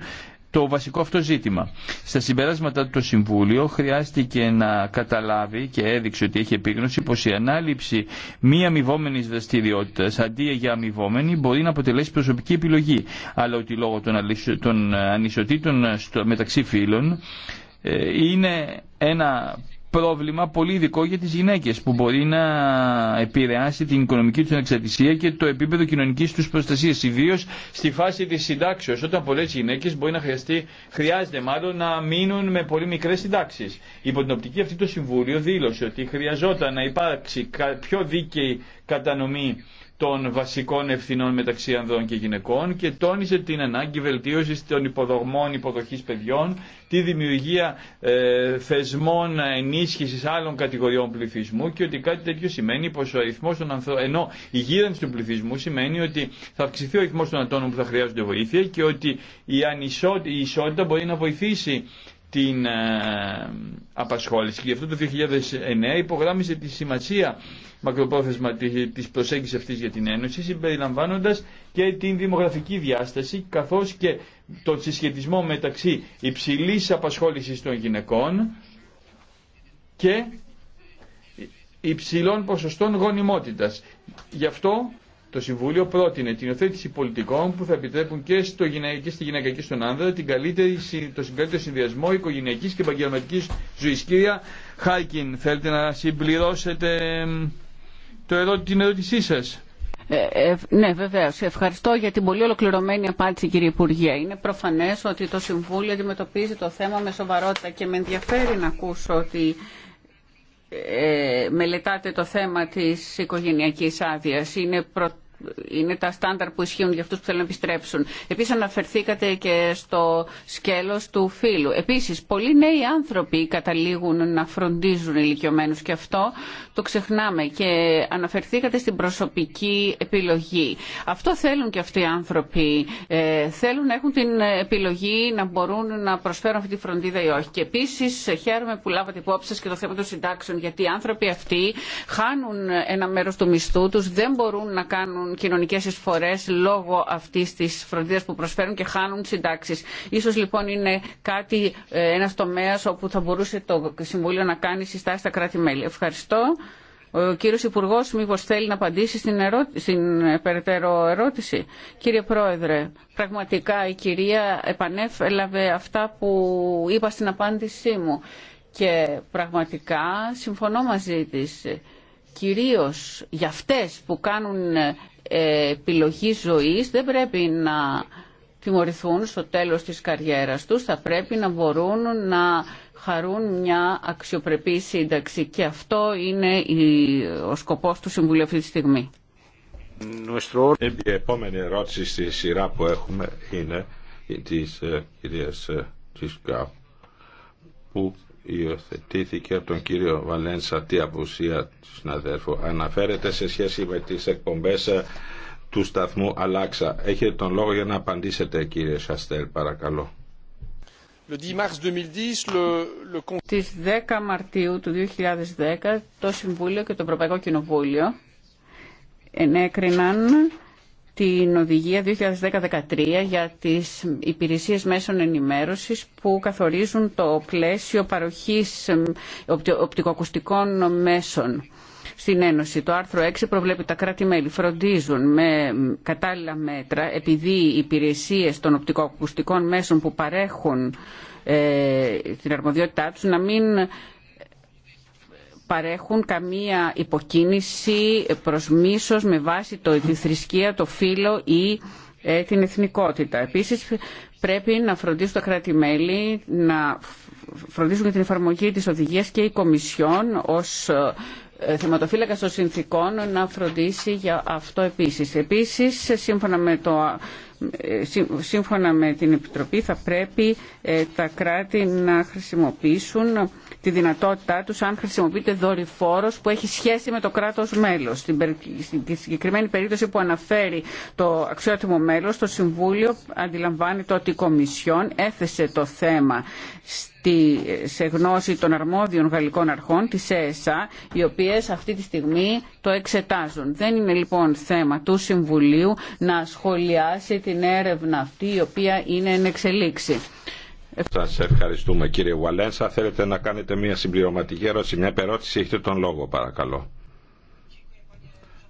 το βασικό αυτό ζήτημα. Στα συμπεράσματα του το Συμβούλιο χρειάστηκε να καταλάβει και έδειξε ότι έχει επίγνωση πως η ανάληψη μη αμοιβόμενη δραστηριότητα αντί για αμοιβόμενη μπορεί να αποτελέσει προσωπική επιλογή. Αλλά ότι λόγω των ανισοτήτων μεταξύ φύλων ε, είναι ένα πρόβλημα πολύ ειδικό για τις γυναίκες που μπορεί να επηρεάσει την οικονομική τους εξαρτησία και το επίπεδο κοινωνικής τους προστασίας ιδίως στη φάση της συντάξεως όταν πολλές γυναίκες μπορεί να χρειαστεί, χρειάζεται μάλλον να μείνουν με πολύ μικρές συντάξεις. Υπό την οπτική αυτή το Συμβούλιο δήλωσε ότι χρειαζόταν να υπάρξει πιο δίκαιη κατανομή των βασικών ευθυνών μεταξύ ανδρών και γυναικών και τόνισε την ανάγκη βελτίωσης των υποδογμών υποδοχής παιδιών, τη δημιουργία ε, θεσμών ενίσχυσης άλλων κατηγοριών πληθυσμού και ότι κάτι τέτοιο σημαίνει πως ο αριθμό των ανθρώπων, ενώ η γύρανση του πληθυσμού σημαίνει ότι θα αυξηθεί ο αριθμός των ατόμων που θα χρειάζονται βοήθεια και ότι η, η ισότητα μπορεί να βοηθήσει την ε, απασχόληση. Και γι' αυτό το 2009 υπογράμμισε τη σημασία μακροπρόθεσμα της προσέγγισης αυτής για την Ένωση, συμπεριλαμβάνοντας και την δημογραφική διάσταση, καθώς και τον συσχετισμό μεταξύ υψηλής απασχόλησης των γυναικών και υψηλών ποσοστών γονιμότητας. Γι' αυτό το Συμβούλιο πρότεινε την υιοθέτηση πολιτικών που θα επιτρέπουν και, στο γυνα... και στη γυναίκα και στον άνδρα την καλύτερη... το συγκαλύτερο συνδυασμό οικογενειακής και επαγγελματική ζωής. Κυρία Χάρκιν, θέλετε να συμπληρώσετε το ερώ... την ερώτησή σας. Ε, ε, ναι, βεβαίω. Ευχαριστώ για την πολύ ολοκληρωμένη απάντηση, κύριε Υπουργέ. Είναι προφανέ ότι το Συμβούλιο αντιμετωπίζει το θέμα με σοβαρότητα και με ενδιαφέρει να ακούσω ότι ε, μελετάτε το θέμα της οικογενειακής άδεια. Είναι είναι τα στάνταρ που ισχύουν για αυτούς που θέλουν να επιστρέψουν. Επίσης αναφερθήκατε και στο σκέλος του φύλου. Επίσης, πολλοί νέοι άνθρωποι καταλήγουν να φροντίζουν ηλικιωμένους και αυτό το ξεχνάμε και αναφερθήκατε στην προσωπική επιλογή. Αυτό θέλουν και αυτοί οι άνθρωποι. Ε, θέλουν να έχουν την επιλογή να μπορούν να προσφέρουν αυτή τη φροντίδα ή όχι. Και επίσης χαίρομαι που λάβατε υπόψη σας και το θέμα των συντάξεων γιατί οι άνθρωποι αυτοί χάνουν ένα μέρος του μισθού τους, δεν μπορούν να κάνουν χάνουν κοινωνικές εισφορές λόγω αυτής της φροντίδας που προσφέρουν και χάνουν συντάξεις. Ίσως λοιπόν είναι κάτι, ε, ένας τομέας όπου θα μπορούσε το Συμβούλιο να κάνει συστάσεις στα κράτη-μέλη. Ευχαριστώ. Ο κύριος Υπουργός μήπως θέλει να απαντήσει στην, περαιτέρω ερώτηση. Κύριε Πρόεδρε, πραγματικά η κυρία επανέφελαβε αυτά που είπα στην απάντησή μου και πραγματικά συμφωνώ μαζί της κυρίως για αυτές που κάνουν επιλογή ζωής δεν πρέπει να τιμωρηθούν στο τέλος της καριέρας τους, θα πρέπει να μπορούν να χαρούν μια αξιοπρεπή σύνταξη και αυτό είναι ο σκοπός του Συμβουλίου αυτή τη στιγμή. Η επόμενη ερώτηση στη σειρά που έχουμε είναι της ε, κυρίας ε, Τσίσκα που υιοθετήθηκε από τον κύριο Βαλένσα τι απουσία του συναδέρφου αναφέρεται σε σχέση με τις εκπομπές ε, του σταθμού Αλάξα. Έχετε τον λόγο για να απαντήσετε κύριε Σαστέλ παρακαλώ. Τη 10 Μαρτίου του 2010 το Συμβούλιο και το Ευρωπαϊκό Κοινοβούλιο ενέκριναν την οδηγία 2013 για τις υπηρεσίες μέσων ενημέρωσης που καθορίζουν το πλαίσιο παροχής οπτικοακουστικών μέσων στην Ένωση. Το άρθρο 6 προβλέπει τα κράτη-μέλη φροντίζουν με κατάλληλα μέτρα επειδή οι υπηρεσίες των οπτικοακουστικών μέσων που παρέχουν ε, την αρμοδιότητά τους να μην παρέχουν καμία υποκίνηση προς μίσος με βάση το, τη θρησκεία, το φύλλο ή ε, την εθνικότητα. Επίσης πρέπει να φροντίσουν τα κράτη-μέλη να φροντίσουν την εφαρμογή της οδηγίας και η Κομισιόν ως ε, θεματοφύλακα των συνθήκων να φροντίσει για αυτό επίσης. Επίσης, σύμφωνα με, το, ε, σύμφωνα με την Επιτροπή, θα πρέπει τα κράτη να χρησιμοποιήσουν τη δυνατότητά τους αν χρησιμοποιείται δορυφόρος που έχει σχέση με το κράτος μέλος. Στην συγκεκριμένη περίπτωση που αναφέρει το αξιότιμο μέλος, το Συμβούλιο αντιλαμβάνεται ότι η Κομισιόν έθεσε το θέμα στη, σε γνώση των αρμόδιων γαλλικών αρχών, της ΕΣΑ, οι οποίες αυτή τη στιγμή το εξετάζουν. Δεν είναι λοιπόν θέμα του Συμβουλίου να σχολιάσει την έρευνα αυτή η οποία είναι εν εξελίξη. Σα ευχαριστούμε κύριε Βαλένσα. Θέλετε να κάνετε μια συμπληρωματική ερώτηση, μια περώτηση, έχετε τον λόγο παρακαλώ.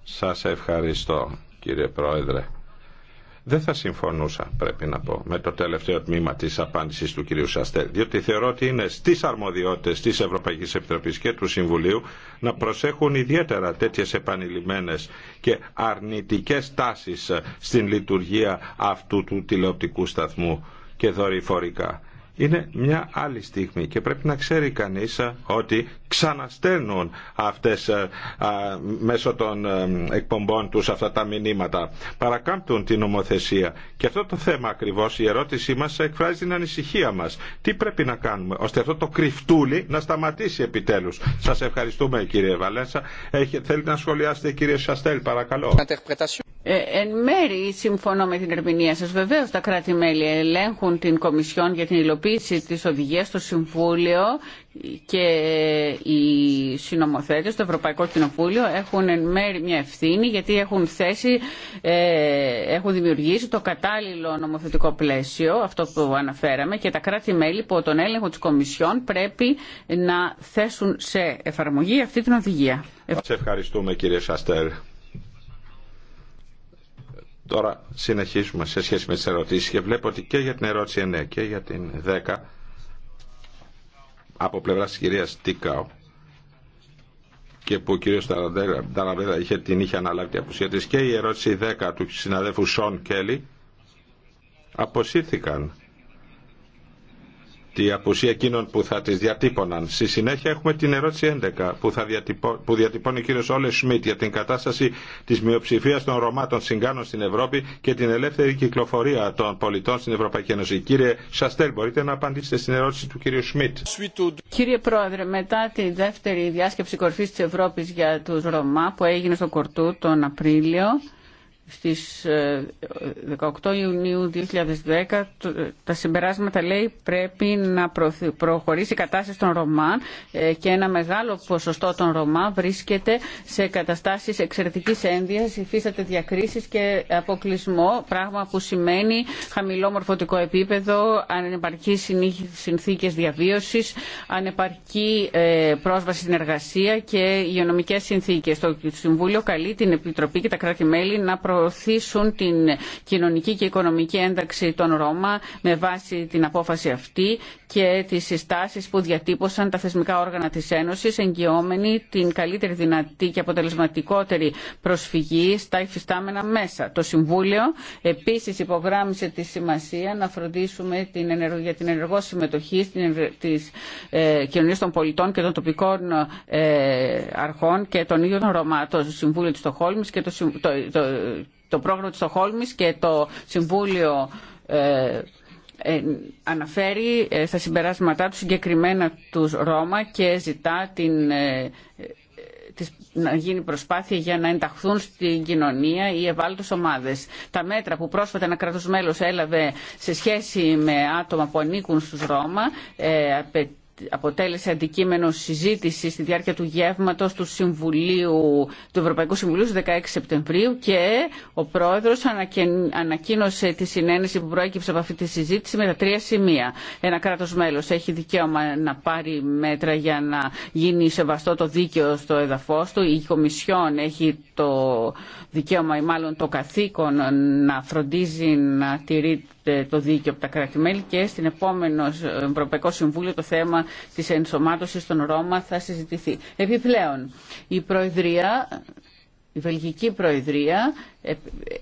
Σα ευχαριστώ κύριε Πρόεδρε. Δεν θα συμφωνούσα, πρέπει να πω, με το τελευταίο τμήμα τη απάντηση του κυρίου Σαστέ. διότι θεωρώ ότι είναι στι αρμοδιότητε τη Ευρωπαϊκή Επιτροπή και του Συμβουλίου να προσέχουν ιδιαίτερα τέτοιε επανειλημμένε και αρνητικέ τάσει στην λειτουργία αυτού του τηλεοπτικού σταθμού και δορυφορικά είναι μια άλλη στιγμή και πρέπει να ξέρει κανείς ε, ότι ξαναστέλνουν αυτές ε, μέσω των ε, εκπομπών τους αυτά τα μηνύματα. Παρακάμπτουν την νομοθεσία. Και αυτό το θέμα ακριβώς η ερώτησή μας εκφράζει την ανησυχία μας. Τι πρέπει να κάνουμε ώστε αυτό το κρυφτούλι να σταματήσει επιτέλους. Σας ευχαριστούμε κύριε Βαλένσα. Θέλετε να σχολιάσετε κύριε Σαστέλ παρακαλώ. εν μέρη συμφωνώ με την ερμηνεία σας. Βεβαίως τα κράτη-μέλη ελέγχουν την Κομισιόν για την τροποποιήσει της οδηγίας στο Συμβούλιο και οι συνομοθέτες στο Ευρωπαϊκό Κοινοβούλιο έχουν εν μέρει μια ευθύνη γιατί έχουν θέσει, ε, έχουν δημιουργήσει το κατάλληλο νομοθετικό πλαίσιο, αυτό που αναφέραμε, και τα κράτη-μέλη που τον έλεγχο της Κομισιόν πρέπει να θέσουν σε εφαρμογή αυτή την οδηγία. Σας ευχαριστούμε κύριε Σαστέρ. Τώρα συνεχίσουμε σε σχέση με τις ερωτήσεις και βλέπω ότι και για την ερώτηση 9 και για την 10 από πλευράς της κυρίας Τίκαου και που ο κύριος Ταραβέδα είχε, την είχε αναλάβει την απουσία και η ερώτηση 10 του συναδέλφου Σον Κέλλη αποσύρθηκαν τη απουσία εκείνων που θα τις διατύπωναν. Στη συνέχεια έχουμε την ερώτηση 11 που, θα που διατυπώνει ο κύριος Όλε Σμιτ για την κατάσταση της μειοψηφίας των Ρωμάτων συγκάνων στην Ευρώπη και την ελεύθερη κυκλοφορία των πολιτών στην Ευρωπαϊκή Ένωση. Κύριε Σαστέλ, μπορείτε να απαντήσετε στην ερώτηση του κύριου Σμιτ. Κύριε Πρόεδρε, μετά τη δεύτερη διάσκεψη κορφής της Ευρώπης για τους Ρωμά που έγινε στο Κορτού τον Απρίλιο, στις 18 ε, Ιουνίου 2010 τα συμπεράσματα λέει πρέπει να προχωρήσει η κατάσταση των Ρωμά ε, και ένα μεγάλο ποσοστό των Ρωμά βρίσκεται σε καταστάσεις εξαιρετικής ένδυας, υφίσταται διακρίσεις και αποκλεισμό, πράγμα που σημαίνει χαμηλό μορφωτικό επίπεδο, ανεπαρκή συνθήκες διαβίωσης, ανεπαρκή ε, πρόσβαση στην εργασία και υγειονομικές συνθήκες. Το Συμβούλιο καλεί την Επιτροπή και τα κράτη-μέλη να προωθήσουν την κοινωνική και οικονομική ένταξη των Ρώμα με βάση την απόφαση αυτή και τις συστάσεις που διατύπωσαν τα θεσμικά όργανα της Ένωσης εγγυόμενοι την καλύτερη δυνατή και αποτελεσματικότερη προσφυγή στα υφιστάμενα μέσα. Το Συμβούλιο επίσης υπογράμμισε τη σημασία να φροντίσουμε την ενεργο... για την ενεργό συμμετοχή της ε, κοινωνίας των πολιτών και των τοπικών ε, αρχών και των ίδιων ρωμάτων, το Συμβούλιο της Στοχόλμης και το, το, το πρόγραμμα της Στοχόλμης και το Συμβούλιο ε, ε, αναφέρει ε, στα συμπεράσματά του συγκεκριμένα τους Ρώμα και ζητά την, της, να γίνει προσπάθεια για να ενταχθούν στην κοινωνία οι ευάλωτες ομάδες. Τα μέτρα που πρόσφατα ένα κράτος μέλος έλαβε σε σχέση με άτομα που ανήκουν στους Ρώμα αποτέλεσε αντικείμενο συζήτηση στη διάρκεια του γεύματος του, Συμβουλίου, του Ευρωπαϊκού Συμβουλίου στις 16 Σεπτεμβρίου και ο πρόεδρος ανακοίνωσε τη συνένεση που προέκυψε από αυτή τη συζήτηση με τα τρία σημεία. Ένα κράτος μέλος έχει δικαίωμα να πάρει μέτρα για να γίνει σεβαστό το δίκαιο στο εδαφός του. Η Κομισιόν έχει το δικαίωμα ή μάλλον το καθήκον να φροντίζει να τηρεί το δίκαιο από τα κράτη-μέλη και στην επόμενο Ευρωπαϊκό Συμβούλιο το θέμα Τη της ενσωμάτωσης των Ρώμα θα συζητηθεί. Επιπλέον, η Προεδρία η Βελγική Προεδρία ε,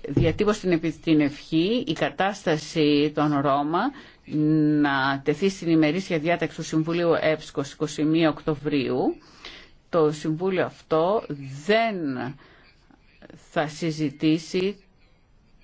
διατύπωσε την ευχή η κατάσταση των Ρώμα να τεθεί στην ημερήσια διάταξη του Συμβουλίου έπσκος 21 Οκτωβρίου. Το Συμβούλιο αυτό δεν θα συζητήσει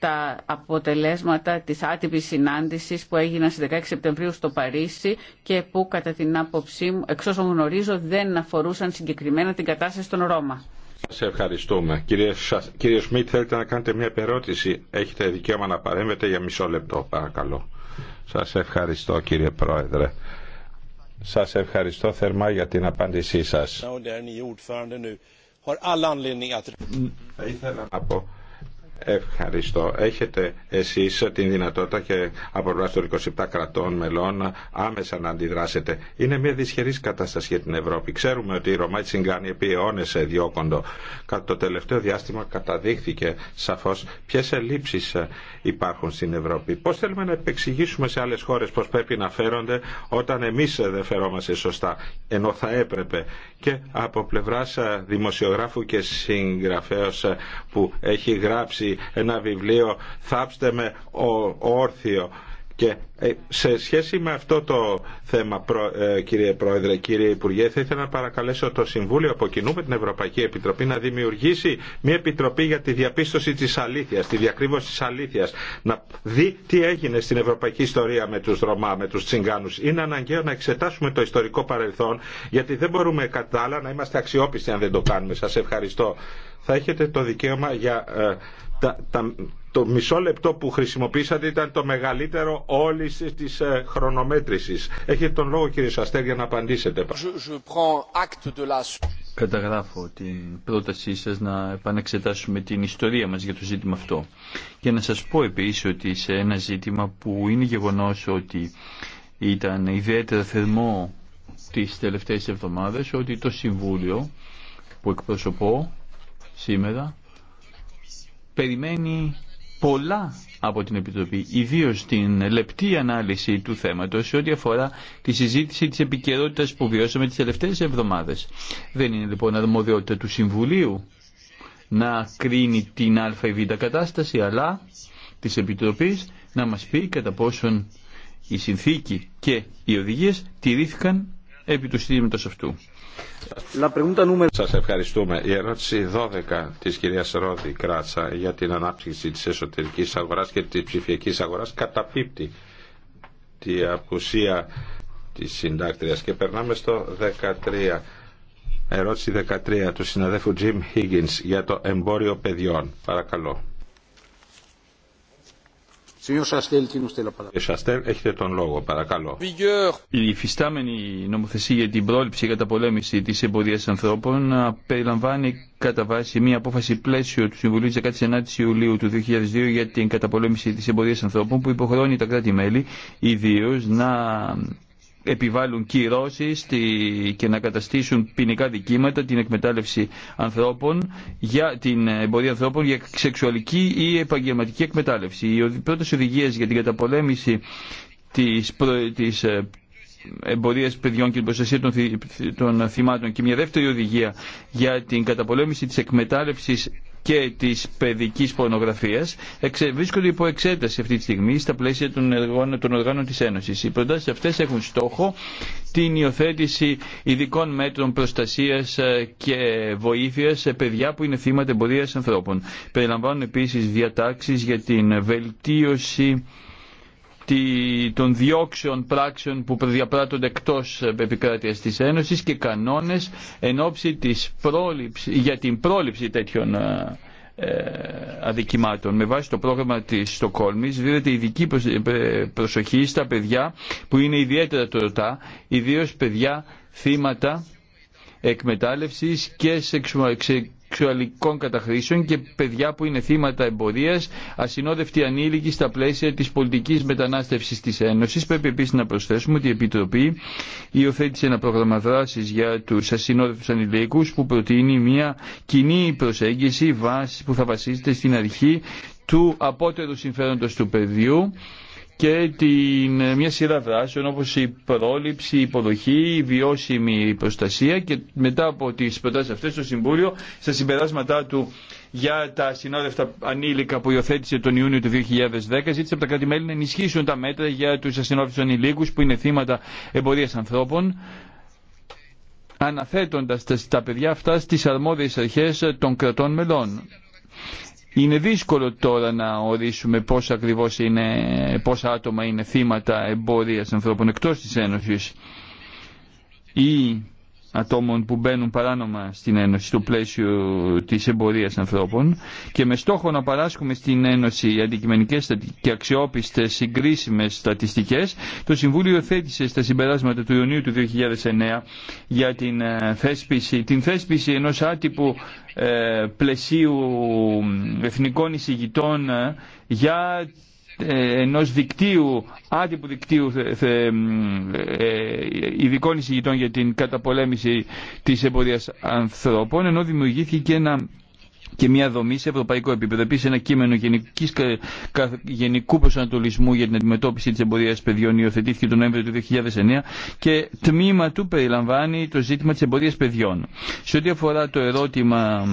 τα αποτελέσματα της άτυπης συνάντησης που έγινε στις 16 Σεπτεμβρίου στο Παρίσι και που κατά την άποψή μου, εξ όσων γνωρίζω, δεν αφορούσαν συγκεκριμένα την κατάσταση των Ρώμα. Σας ευχαριστούμε. Κύριε, κύριε Σμιτ, θέλετε να κάνετε μια επερώτηση. Έχετε δικαίωμα να παρέμβετε για μισό λεπτό, παρακαλώ. Σας ευχαριστώ, κύριε Πρόεδρε. Σας ευχαριστώ θερμά για την απάντησή σας. Θα ήθελα να πω Ευχαριστώ. Έχετε εσείς την δυνατότητα και από των 27 κρατών μελών άμεσα να αντιδράσετε. Είναι μια δυσχερή κατάσταση για την Ευρώπη. Ξέρουμε ότι οι Ρωμά Τσιγκάνοι επί αιώνε διώκοντο. Κατά το τελευταίο διάστημα καταδείχθηκε σαφώ ποιε ελλείψει υπάρχουν στην Ευρώπη. Πώ θέλουμε να επεξηγήσουμε σε άλλε χώρε πώ πρέπει να φέρονται όταν εμεί δεν φερόμαστε σωστά, ενώ θα έπρεπε. Και από πλευρά δημοσιογράφου και συγγραφέω που έχει γράψει ένα βιβλίο «Θάψτε με όρθιο» Και ε, σε σχέση με αυτό το θέμα, ε, κύριε Πρόεδρε, κύριε Υπουργέ, θα ήθελα να παρακαλέσω το Συμβούλιο από κοινού με την Ευρωπαϊκή Επιτροπή να δημιουργήσει μια επιτροπή για τη διαπίστωση τη αλήθεια, τη διακρύβωση τη αλήθεια. Να δει τι έγινε στην ευρωπαϊκή ιστορία με του Ρωμά, με του Τσιγκάνου. Είναι αναγκαίο να εξετάσουμε το ιστορικό παρελθόν, γιατί δεν μπορούμε κατά άλλα να είμαστε αξιόπιστοι αν δεν το κάνουμε. Σα ευχαριστώ θα έχετε το δικαίωμα για ε, το μισό λεπτό που χρησιμοποίησατε ήταν το μεγαλύτερο όλη τη ε, χρονομέτρηση. Έχετε τον λόγο, κύριε Σαστέρ, για να απαντήσετε. Καταγράφω την πρότασή σα να επαναξετάσουμε την ιστορία μας για το ζήτημα αυτό. Και να σας πω επίσης ότι σε ένα ζήτημα που είναι γεγονό ότι ήταν ιδιαίτερα θερμό τις τελευταίες εβδομάδες, ότι το Συμβούλιο που εκπροσωπώ σήμερα περιμένει πολλά από την Επιτροπή, ιδίω την λεπτή ανάλυση του θέματο, σε ό,τι αφορά τη συζήτηση τη επικαιρότητα που βιώσαμε τι τελευταίε εβδομάδε. Δεν είναι λοιπόν αρμοδιότητα του Συμβουλίου να κρίνει την α ή β κατάσταση, αλλά της Επιτροπής να μα πει κατά πόσον η συνθήκη και οι οδηγίε τηρήθηκαν επί του στήματος αυτού. Σας ευχαριστούμε. Η ερώτηση 12 της κυρίας Ρόδη Κράτσα για την ανάπτυξη της εσωτερικής αγοράς και της ψηφιακής αγοράς καταπίπτει τη απουσία της συντάκτριας και περνάμε στο 13. Ερώτηση 13 του συναδέφου Jim Higgins για το εμπόριο παιδιών. Παρακαλώ. Σαστέλ, έχετε τον λόγο, παρακαλώ. Η υφιστάμενη νομοθεσία για την πρόληψη και καταπολέμηση τη εμπορία ανθρώπων περιλαμβάνει κατά βάση μια απόφαση πλαίσιο του Συμβουλίου τη 19η Ιουλίου του 2002 για την καταπολέμηση τη εμπορία ανθρώπων που υποχρεώνει τα κράτη-μέλη ιδίω να επιβάλλουν κυρώσεις και να καταστήσουν ποινικά δικήματα την εκμετάλλευση ανθρώπων για την εμπορία ανθρώπων για σεξουαλική ή επαγγελματική εκμετάλλευση. Οι πρώτες οδηγίες για την καταπολέμηση της, της ε, εμπορία παιδιών και την προστασία των, των θυμάτων και μια δεύτερη οδηγία για την καταπολέμηση της εκμετάλλευσης και τη παιδική πορνογραφία βρίσκονται υπό εξέταση αυτή τη στιγμή στα πλαίσια των, εργών, των οργάνων της Ένωση. Οι προτάσει αυτές έχουν στόχο την υιοθέτηση ειδικών μέτρων προστασίας ε, και βοήθειας σε παιδιά που είναι θύματα εμπορία ανθρώπων. Περιλαμβάνουν επίσης διατάξεις για την βελτίωση των διώξεων πράξεων που διαπράττονται εκτός επικράτειας της Ένωσης και κανόνες εν της πρόληψη, για την πρόληψη τέτοιων ε, ε, αδικημάτων. Με βάση το πρόγραμμα της Στοκόλμης δίδεται ειδική ε, προσοχή στα παιδιά που είναι ιδιαίτερα τροτά, ιδίως παιδιά θύματα εκμετάλλευσης και σεξουαλική σεξουαλικών καταχρήσεων και παιδιά που είναι θύματα εμπορία ασυνόδευτοι ανήλικοι στα πλαίσια της πολιτικής μετανάστευση τη Ένωση. Πρέπει επίση να προσθέσουμε ότι η Επιτροπή υιοθέτησε ένα πρόγραμμα δράση για του ασυνόδευτους ανηλίκους που προτείνει μια κοινή προσέγγιση που θα βασίζεται στην αρχή του απότερου συμφέροντος του παιδιού και την, ε, μια σειρά δράσεων όπως η πρόληψη, η υποδοχή, η βιώσιμη προστασία και μετά από τις προτάσεις αυτές το Συμβούλιο στα συμπεράσματά του για τα ασυνόδευτα ανήλικα που υιοθέτησε τον Ιούνιο του 2010 ζήτησε από τα κράτη-μέλη να ενισχύσουν τα μέτρα για τους ασυνόδευτους ανηλίκους που είναι θύματα εμπορίας ανθρώπων αναθέτοντας τα παιδιά αυτά στις αρμόδιες αρχές των κρατών μελών. Είναι δύσκολο τώρα να ορίσουμε πόσα ακριβώς είναι, πόσα άτομα είναι θύματα εμπόδια ανθρώπων εκτός της Ένωσης. Η ατόμων που μπαίνουν παράνομα στην Ένωση στο πλαίσιο της εμπορίας ανθρώπων και με στόχο να παράσχουμε στην Ένωση αντικειμενικές και αξιόπιστες συγκρίσιμες στατιστικές το Συμβούλιο θέτησε στα συμπεράσματα του Ιουνίου του 2009 για την ε, θέσπιση, την θέσπιση ενός άτυπου ε, πλαισίου εθνικών εισηγητών ε, για ε, ενός δικτύου, άτυπου δικτύου ε, ειδικών εισηγητών για την καταπολέμηση της εμπορίας ανθρώπων, ενώ δημιουργήθηκε και μια δομή σε ευρωπαϊκό επίπεδο. Επίση, ένα κείμενο γενικής, γενικού προσανατολισμού για την αντιμετώπιση τη εμπορία παιδιών υιοθετήθηκε τον Νοέμβριο του 2009 και τμήμα του περιλαμβάνει το ζήτημα τη εμπορία παιδιών. Σε ό,τι αφορά το ερώτημα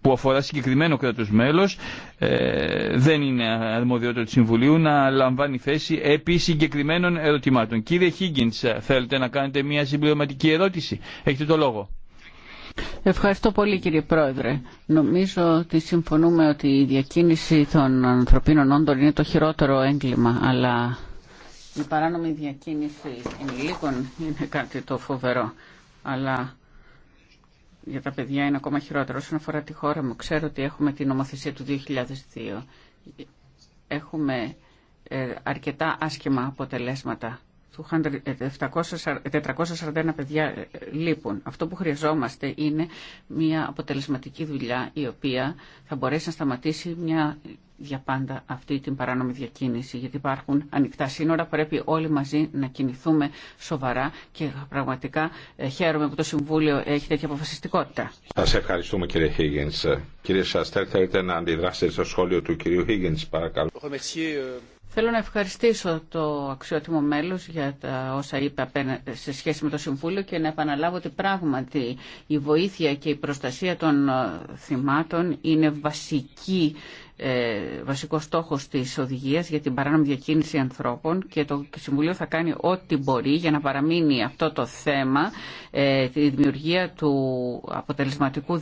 που αφορά συγκεκριμένο κράτο μέλος ε, δεν είναι αρμοδιότητα του Συμβουλίου να λαμβάνει θέση επί συγκεκριμένων ερωτημάτων. Κύριε Χίγκιν, θέλετε να κάνετε μια συμπληρωματική ερώτηση. Έχετε το λόγο. Ευχαριστώ πολύ κύριε Πρόεδρε. Νομίζω ότι συμφωνούμε ότι η διακίνηση των ανθρωπίνων όντων είναι το χειρότερο έγκλημα, αλλά η παράνομη διακίνηση ενηλίκων είναι κάτι το φοβερό. Αλλά για τα παιδιά είναι ακόμα χειρότερο. Όσον αφορά τη χώρα μου, ξέρω ότι έχουμε την νομοθεσία του 2002. Έχουμε ε, αρκετά άσχημα αποτελέσματα 441 ε, ε, παιδιά ε, λείπουν. Αυτό που χρειαζόμαστε είναι μια αποτελεσματική δουλειά η οποία θα μπορέσει να σταματήσει μια για πάντα αυτή την παράνομη διακίνηση γιατί υπάρχουν ανοιχτά σύνορα πρέπει όλοι μαζί να κινηθούμε σοβαρά και πραγματικά χαίρομαι που το Συμβούλιο έχει τέτοια αποφασιστικότητα. Σα ευχαριστούμε κύριε Higgins. Κύριε Σαστέρ θέλετε να αντιδράσετε στο σχόλιο του κυρίου Higgins παρακαλώ. Θέλω να ευχαριστήσω το αξιότιμο μέλος για τα όσα είπε σε σχέση με το Συμβούλιο και να επαναλάβω ότι πράγματι η βοήθεια και η προστασία των ε, θυμάτων είναι βασική ε, βασικό στόχος της οδηγίας για την παράνομη διακίνηση ανθρώπων και το Συμβουλίο θα κάνει ό,τι μπορεί για να παραμείνει αυτό το θέμα ε, τη δημιουργία του αποτελεσματικού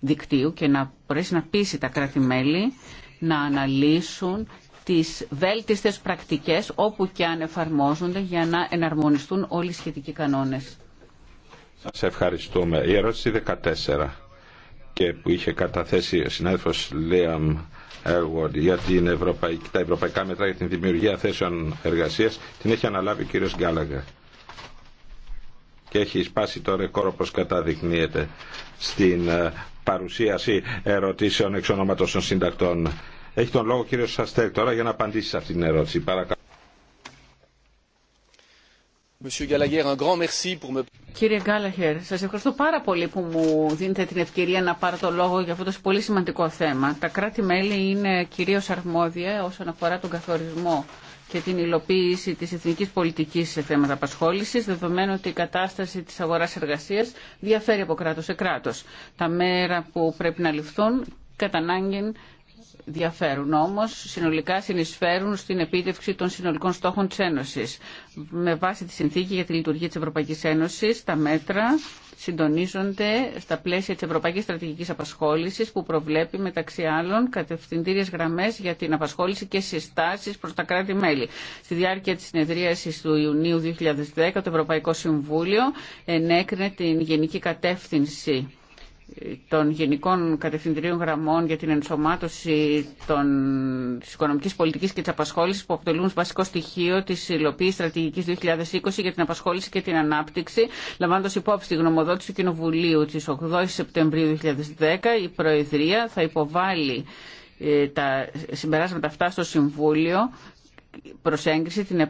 δικτύου και να μπορέσει να πείσει τα κράτη-μέλη να αναλύσουν τις βέλτιστες πρακτικές όπου και αν εφαρμόζονται για να εναρμονιστούν όλοι οι σχετικοί κανόνες. Σας ευχαριστούμε. Η ερώτηση 14 και που είχε καταθέσει ο συνάδελφος Λέαμ Έργοντ για την Ευρωπαϊκή, τα ευρωπαϊκά μέτρα για την δημιουργία θέσεων εργασίας την έχει αναλάβει ο κύριος Γκάλαγκα και έχει σπάσει το ρεκόρ όπως καταδεικνύεται στην ε, παρουσίαση ερωτήσεων εξ των συντακτών. Έχει τον λόγο ο κύριος Σαστέρ τώρα για να απαντήσει σε αυτή την ερώτηση. Παρακαλώ. Κύριε Γκάλαχερ, σα ευχαριστώ πάρα πολύ που μου δίνετε την ευκαιρία να πάρω το λόγο για αυτό το πολύ σημαντικό θέμα. Τα κράτη-μέλη είναι κυρίω αρμόδια όσον αφορά τον καθορισμό και την υλοποίηση τη εθνική πολιτική σε θέματα απασχόληση, δεδομένου ότι η κατάσταση τη αγορά εργασία διαφέρει από κράτο σε κράτο. Τα μέρα που πρέπει να ληφθούν, κατά ανάγκη, διαφέρουν όμως, συνολικά συνεισφέρουν στην επίτευξη των συνολικών στόχων της Ένωσης. Με βάση τη συνθήκη για τη λειτουργία της Ευρωπαϊκής Ένωσης, τα μέτρα συντονίζονται στα πλαίσια της Ευρωπαϊκής Στρατηγικής Απασχόλησης που προβλέπει μεταξύ άλλων κατευθυντήριες γραμμές για την απασχόληση και συστάσεις προς τα κράτη-μέλη. Στη διάρκεια της συνεδρίασης του Ιουνίου 2010 το Ευρωπαϊκό Συμβούλιο ενέκρινε την Γενική Κατεύθυνση των γενικών κατευθυντηρίων γραμμών για την ενσωμάτωση των, της οικονομικής πολιτικής και της απασχόλησης που αποτελούν βασικό στοιχείο της υλοποίησης στρατηγικής 2020 για την απασχόληση και την ανάπτυξη, λαμβάνοντας υπόψη τη γνωμοδότηση του Κοινοβουλίου της 8 η Σεπτεμβρίου 2010, η Προεδρία θα υποβάλει ε, τα συμπεράσματα αυτά στο Συμβούλιο προσέγγιση την,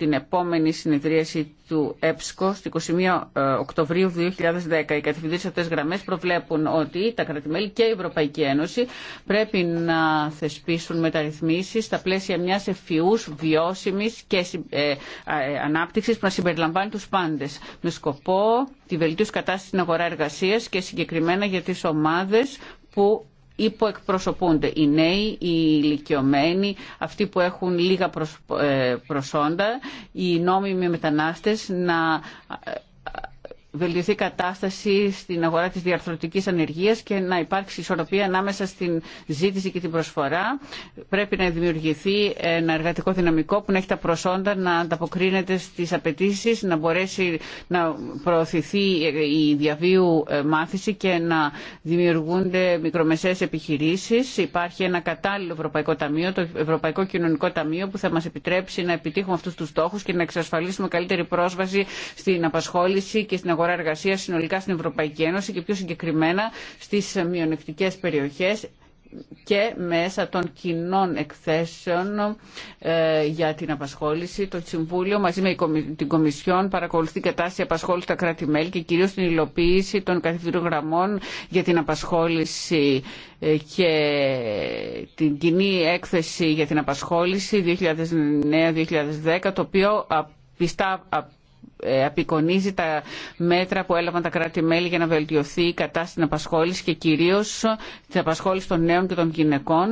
την επόμενη συνεδρίαση του ΕΠΣΚΟ στις 21 ε, Οκτωβρίου 2010. Οι κατευθυντές αυτές γραμμές προβλέπουν ότι τα κρατημέλη και η Ευρωπαϊκή Ένωση πρέπει να θεσπίσουν μεταρρυθμίσεις στα πλαίσια μιας ευφυού βιώσιμης και ε, ε, ανάπτυξης που να συμπεριλαμβάνει τους πάντες με σκοπό τη βελτίωση κατάστασης στην αγορά εργασίας και συγκεκριμένα για τις ομάδες που υποεκπροσωπούνται οι νέοι, οι ηλικιωμένοι, αυτοί που έχουν λίγα ε, προσόντα, οι νόμιμοι μετανάστες να ε, βελτιωθεί η κατάσταση στην αγορά της διαρθρωτικής ανεργίας και να υπάρξει ισορροπία ανάμεσα στην ζήτηση και την προσφορά. Πρέπει να δημιουργηθεί ένα εργατικό δυναμικό που να έχει τα προσόντα να ανταποκρίνεται στις απαιτήσει, να μπορέσει να προωθηθεί η διαβίου ε, μάθηση και να δημιουργούνται μικρομεσαίες επιχειρήσεις. Υπάρχει ένα κατάλληλο Ευρωπαϊκό Ταμείο, το Ευρωπαϊκό Κοινωνικό Ταμείο που θα μας επιτρέψει να επιτύχουμε αυτούς τους στόχους και να εξασφαλίσουμε καλύτερη πρόσβαση στην απασχόληση και στην αγορά αγορά συνολικά στην Ευρωπαϊκή Ένωση και πιο συγκεκριμένα στις μειονεκτικές περιοχές και μέσα των κοινών εκθέσεων ε, για την απασχόληση. Το Συμβούλιο μαζί με την Κομισιόν παρακολουθεί κατάσταση απασχόληση στα κράτη-μέλη και κυρίως την υλοποίηση των καθηγητήρων γραμμών για την απασχόληση ε, και την κοινή έκθεση για την απασχόληση 2009-2010, το οποίο πιστά ε, απεικονίζει τα μέτρα που έλαβαν τα κράτη-μέλη για να βελτιωθεί η κατάσταση στην απασχόληση και κυρίως την απασχόληση των νέων και των γυναικών.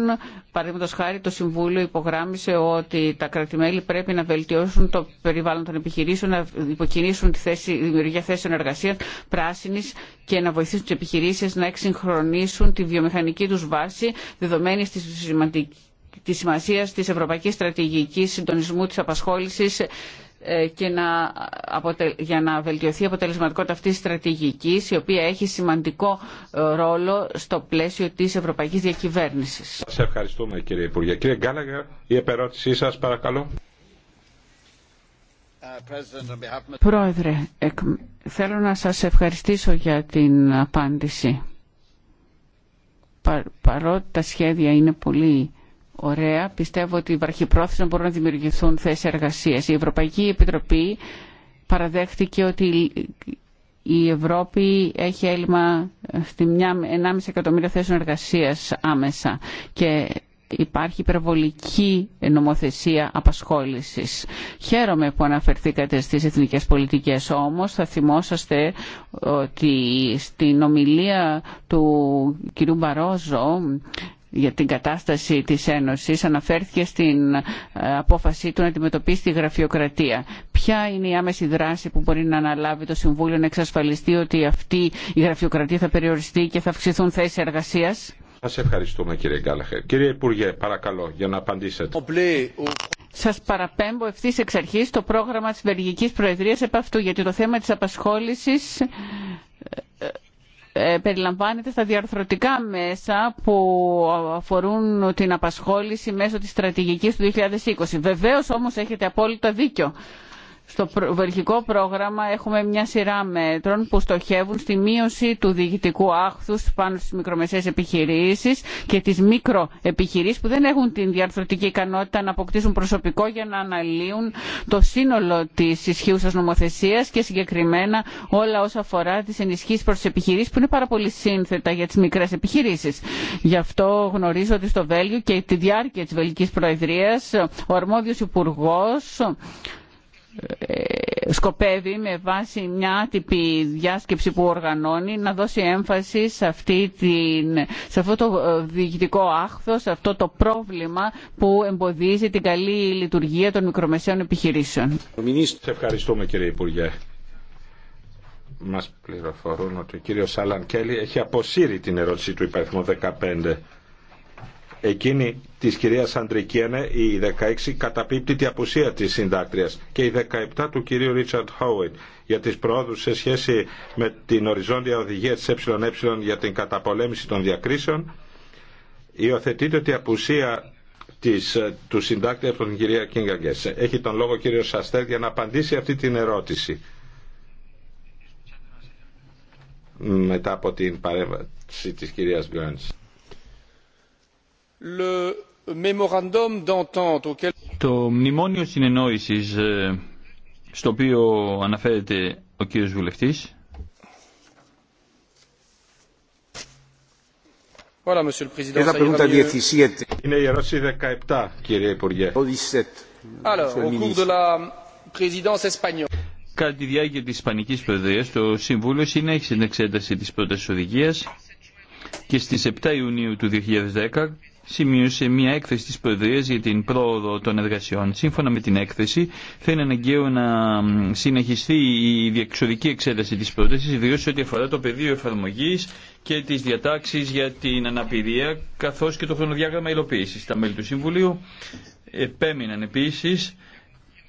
Παραδείγματο χάρη το Συμβούλιο υπογράμμισε ότι τα κράτη-μέλη πρέπει να βελτιώσουν το περιβάλλον των επιχειρήσεων, να υποκινήσουν τη θέση, δημιουργία θέσεων εργασία πράσινη και να βοηθήσουν τι επιχειρήσει να εξυγχρονίσουν τη βιομηχανική του βάση δεδομένη τη σημαντική τη σημασία τη Ευρωπαϊκή Στρατηγική Συντονισμού τη Απασχόληση ε, και να για να βελτιωθεί η αποτελεσματικότητα αυτής της στρατηγικής η οποία έχει σημαντικό ε, ρόλο στο πλαίσιο της ευρωπαϊκής διακυβέρνησης. Σε ευχαριστούμε κύριε Υπουργέ. Κύριε Γκάλαγερ, η επερώτησή σας παρακαλώ. Πρόεδρε, θέλω να σας ευχαριστήσω για την απάντηση. Παρότι τα σχέδια είναι πολύ Ωραία. Πιστεύω ότι να μπορούν να δημιουργηθούν θέσει εργασία. Η Ευρωπαϊκή Επιτροπή παραδέχτηκε ότι η Ευρώπη έχει έλλειμμα στη μια 1,5 εκατομμύρια θέσεων εργασία άμεσα και υπάρχει υπερβολική νομοθεσία απασχόλησης. Χαίρομαι που αναφερθήκατε στις εθνικές πολιτικές όμως θα θυμόσαστε ότι στην ομιλία του κ. Μπαρόζο για την κατάσταση της Ένωσης αναφέρθηκε στην ε, απόφασή του να αντιμετωπίσει τη γραφειοκρατία. Ποια είναι η άμεση δράση που μπορεί να αναλάβει το Συμβούλιο να εξασφαλιστεί ότι αυτή η γραφειοκρατία θα περιοριστεί και θα αυξηθούν θέσεις εργασίας. Σας ευχαριστούμε κύριε Γκάλαχερ. Κύριε Υπουργέ, παρακαλώ για να απαντήσετε. Σα παραπέμπω ευθύ εξ αρχή το πρόγραμμα τη Βελγική Προεδρία επ' αυτού, γιατί το θέμα τη απασχόληση. Ε, περιλαμβάνεται στα διαρθρωτικά μέσα που αφορούν την απασχόληση μέσω της στρατηγικής του 2020. Βεβαίως όμως έχετε απόλυτο δίκιο στο βελγικό πρόγραμμα έχουμε μια σειρά μέτρων που στοχεύουν στη μείωση του διοικητικού άχθους πάνω στις μικρομεσαίες επιχειρήσεις και τις μικροεπιχειρήσεις που δεν έχουν την διαρθρωτική ικανότητα να αποκτήσουν προσωπικό για να αναλύουν το σύνολο της ισχύουσας νομοθεσίας και συγκεκριμένα όλα όσα αφορά τις ενισχύσεις προς τις επιχειρήσεις που είναι πάρα πολύ σύνθετα για τις μικρές επιχειρήσεις. Γι' αυτό γνωρίζω ότι στο Βέλγιο και τη διάρκεια της Βελγικής Προεδρίας ο αρμόδιος υπουργός ε, σκοπεύει με βάση μια άτυπη διάσκεψη που οργανώνει να δώσει έμφαση σε, αυτή την, σε αυτό το ε, διοικητικό άχθο, σε αυτό το πρόβλημα που εμποδίζει την καλή λειτουργία των μικρομεσαίων επιχειρήσεων. ευχαριστούμε κύριε Υπουργέ. Μας πληροφορούν ότι ο κύριος Άλαν έχει αποσύρει την ερώτηση του υπαριθμού 15. Εκείνη της κυρίας Αντρικένε, η 16, καταπίπτει την απουσία της συντάκτριας και η 17 του κυρίου Ρίτσαρντ Χόουιτ για τις προόδους σε σχέση με την οριζόντια οδηγία της ΕΕ για την καταπολέμηση των διακρίσεων υιοθετείται ότι η απουσία της, του συντάκτη από την κυρία Κίνγκα Έχει τον λόγο ο κύριο Σαστέρ για να απαντήσει αυτή την ερώτηση μετά από την παρέμβαση της κυρίας Γκέντς le memorandum d'entente auquel το μνημόνιο συνεννόησης ε, στο οποίο αναφέρεται ο κύριος Βουλευτής. Είναι η ερώτηση 17, κύριε Υπουργέ. Alors, au cours de la présidence espagnole. Κατά τη διάρκεια της Ισπανικής Προεδρίας, το Συμβούλιο συνέχισε την εξέταση της πρώτη οδηγίας και στις 7 Ιουνίου του 2010 σημείωσε μια έκθεση της Προεδρίας για την πρόοδο των εργασιών. Σύμφωνα με την έκθεση, θα είναι αναγκαίο να συνεχιστεί η διεξοδική εξέταση της πρότασης, ιδίως ό,τι αφορά το πεδίο εφαρμογής και τις διατάξεις για την αναπηρία, καθώς και το χρονοδιάγραμμα υλοποίησης. Τα μέλη του Συμβουλίου επέμειναν επίσης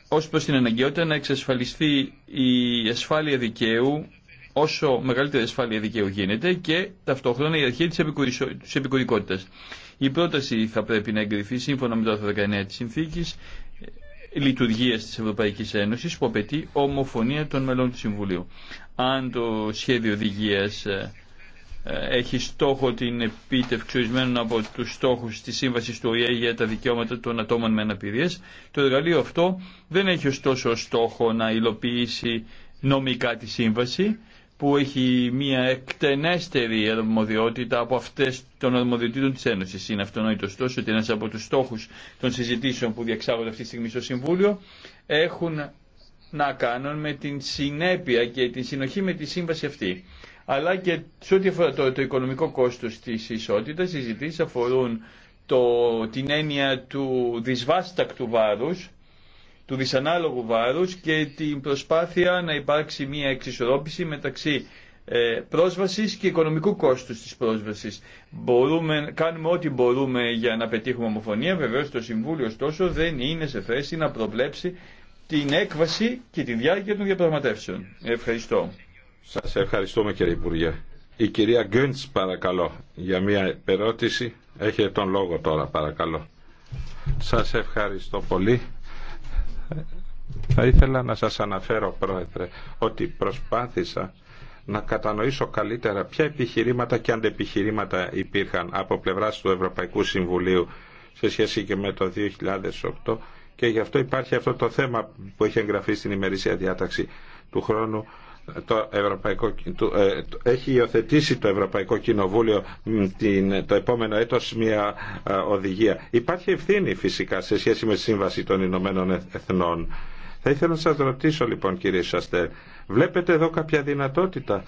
ως προς την αναγκαιότητα να εξασφαλιστεί η ασφάλεια δικαίου όσο μεγαλύτερη ασφάλεια δικαίου γίνεται και ταυτόχρονα η αρχή της επικουρικότητας. Η πρόταση θα πρέπει να εγκριθεί σύμφωνα με το άρθρο 19 της συνθήκης ε, λειτουργία τη Ευρωπαϊκή Ένωση που απαιτεί ομοφωνία των μελών του Συμβουλίου. Αν το σχέδιο οδηγία ε, ε, έχει στόχο την επίτευξη ορισμένων από του στόχου τη Σύμβαση του ΟΗΕ για τα δικαιώματα των ατόμων με αναπηρίε, το εργαλείο αυτό δεν έχει ωστόσο στόχο να υλοποιήσει νομικά τη Σύμβαση, που έχει μια εκτενέστερη αρμοδιότητα από αυτέ των αρμοδιοτήτων τη Ένωση. Είναι αυτονόητο τόσο ότι ένα από του στόχου των συζητήσεων που διεξάγονται αυτή τη στιγμή στο Συμβούλιο έχουν να κάνουν με την συνέπεια και την συνοχή με τη σύμβαση αυτή. Αλλά και σε ό,τι αφορά το, το οικονομικό κόστος της ισότητα, οι συζητήσει αφορούν το, την έννοια του δυσβάστακτου βάρου του δυσανάλογου βάρους και την προσπάθεια να υπάρξει μια εξισορρόπηση μεταξύ ε, πρόσβασης και οικονομικού κόστους της πρόσβασης. κάνουμε ό,τι μπορούμε για να πετύχουμε ομοφωνία, βεβαίως το Συμβούλιο ωστόσο δεν είναι σε θέση να προβλέψει την έκβαση και τη διάρκεια των διαπραγματεύσεων. Ευχαριστώ. Σας ευχαριστούμε κύριε Υπουργέ. Η κυρία Γκέντς παρακαλώ για μια ερώτηση. Έχετε τον λόγο τώρα παρακαλώ. Σας ευχαριστώ πολύ. Θα ήθελα να σας αναφέρω, Πρόεδρε, ότι προσπάθησα να κατανοήσω καλύτερα ποια επιχειρήματα και αντεπιχειρήματα υπήρχαν από πλευράς του Ευρωπαϊκού Συμβουλίου σε σχέση και με το 2008 και γι' αυτό υπάρχει αυτό το θέμα που έχει εγγραφεί στην ημερήσια διάταξη του χρόνου το Ευρωπαϊκό, ε, το, έχει υιοθετήσει το Ευρωπαϊκό Κοινοβούλιο την, το επόμενο έτος μια ε, οδηγία. Υπάρχει ευθύνη φυσικά σε σχέση με τη Σύμβαση των Ηνωμένων Εθνών. Θα ήθελα να σας ρωτήσω λοιπόν κύριε Σαστέ, βλέπετε εδώ κάποια δυνατότητα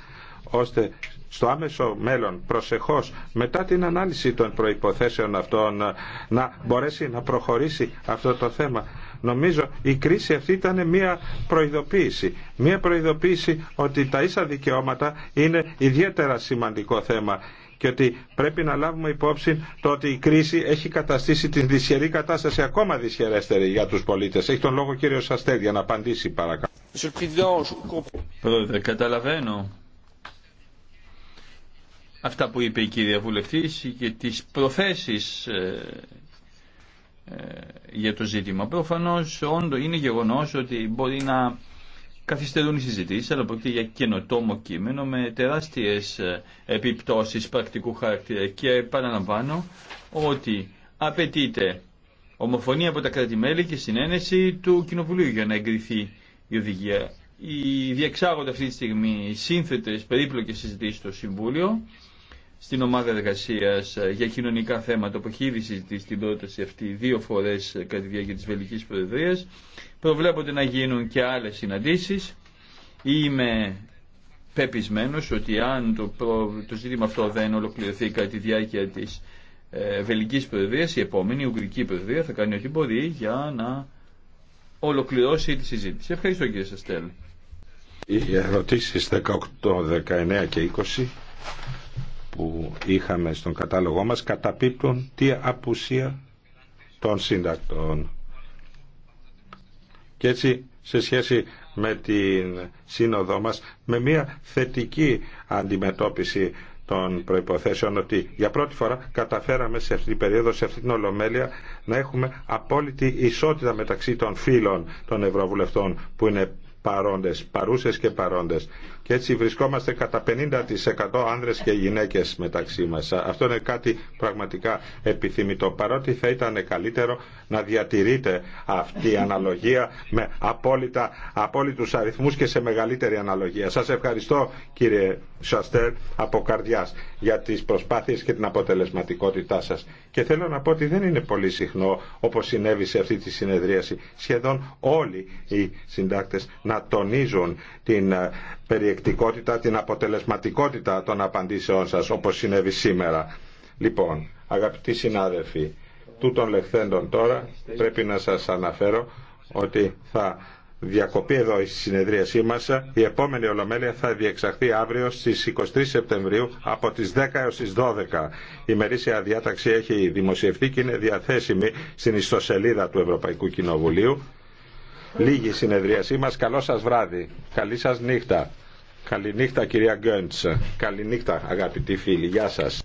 ώστε στο άμεσο μέλλον, προσεχώς, μετά την ανάλυση των προϋποθέσεων αυτών, να μπορέσει να προχωρήσει αυτό το θέμα. Νομίζω η κρίση αυτή ήταν μια προειδοποίηση. Μια προειδοποίηση ότι τα ίσα δικαιώματα είναι ιδιαίτερα σημαντικό θέμα και ότι πρέπει να λάβουμε υπόψη το ότι η κρίση έχει καταστήσει την δυσχερή κατάσταση ακόμα δυσχερέστερη για τους πολίτες. Έχει τον λόγο κύριο Αστέρ για να απαντήσει παρακαλώ. καταλαβαίνω αυτά που είπε η κυρία Βουλευτής και τις προθέσεις ε, ε, για το ζήτημα. Προφανώς όντω είναι γεγονός ότι μπορεί να καθυστερούν οι συζητήσεις, αλλά πρόκειται για καινοτόμο κείμενο με τεράστιες ε, επιπτώσεις πρακτικού χαρακτήρα και παραλαμβάνω ότι απαιτείται ομοφωνία από τα κράτη-μέλη και συνένεση του Κοινοβουλίου για να εγκριθεί η οδηγία. Οι διεξάγονται αυτή τη στιγμή σύνθετες περίπλοκες συζητήσεις στο Συμβούλιο στην ομάδα εργασία ε, για κοινωνικά θέματα που έχει ήδη συζητήσει την πρόταση αυτή δύο φορέ ε, κατά τη διάρκεια τη Βελική Προεδρία. Προβλέπονται να γίνουν και άλλε συναντήσει. Είμαι πεπισμένο ότι αν το, το ζήτημα αυτό δεν ολοκληρωθεί κατά τη διάρκεια τη ε, Βελική Προεδρία, η επόμενη, η Ουγγρική Προεδρία, θα κάνει ό,τι μπορεί για να ολοκληρώσει τη συζήτηση. Ευχαριστώ κύριε Σαστέλ. Οι ερωτήσει 18, 19 και 20 που είχαμε στον κατάλογό μας καταπίπτουν τη απουσία των σύντακτων. Και έτσι σε σχέση με την σύνοδό μας με μια θετική αντιμετώπιση των προϋποθέσεων ότι για πρώτη φορά καταφέραμε σε αυτή την περίοδο, σε αυτή την ολομέλεια να έχουμε απόλυτη ισότητα μεταξύ των φίλων των Ευρωβουλευτών που είναι παρόντες, παρούσες και παρόντες και έτσι βρισκόμαστε κατά 50% άνδρες και γυναίκες μεταξύ μας. Αυτό είναι κάτι πραγματικά επιθυμητό. Παρότι θα ήταν καλύτερο να διατηρείται αυτή η αναλογία με απόλυτα, απόλυτους αριθμούς και σε μεγαλύτερη αναλογία. Σας ευχαριστώ κύριε Σαστέρ από καρδιάς για τις προσπάθειες και την αποτελεσματικότητά σας. Και θέλω να πω ότι δεν είναι πολύ συχνό όπως συνέβη σε αυτή τη συνεδρίαση σχεδόν όλοι οι συντάκτες να τονίζουν την ε, περιεκτικότητα, την αποτελεσματικότητα των απαντήσεών σας, όπως συνέβη σήμερα. Λοιπόν, αγαπητοί συνάδελφοι, τούτων λεχθέντων τώρα πρέπει να σας αναφέρω ότι θα διακοπεί εδώ η συνεδρίασή μας. Η επόμενη Ολομέλεια θα διεξαχθεί αύριο στις 23 Σεπτεμβρίου από τις 10 έως τις 12. Η μερίσια διάταξη έχει δημοσιευθεί και είναι διαθέσιμη στην ιστοσελίδα του Ευρωπαϊκού Κοινοβουλίου. Λίγη συνεδρίασή μας. Καλό σας βράδυ. Καλή σας νύχτα. Καληνύχτα κυρία Καλή Καληνύχτα αγαπητοί φίλοι. Γεια σας.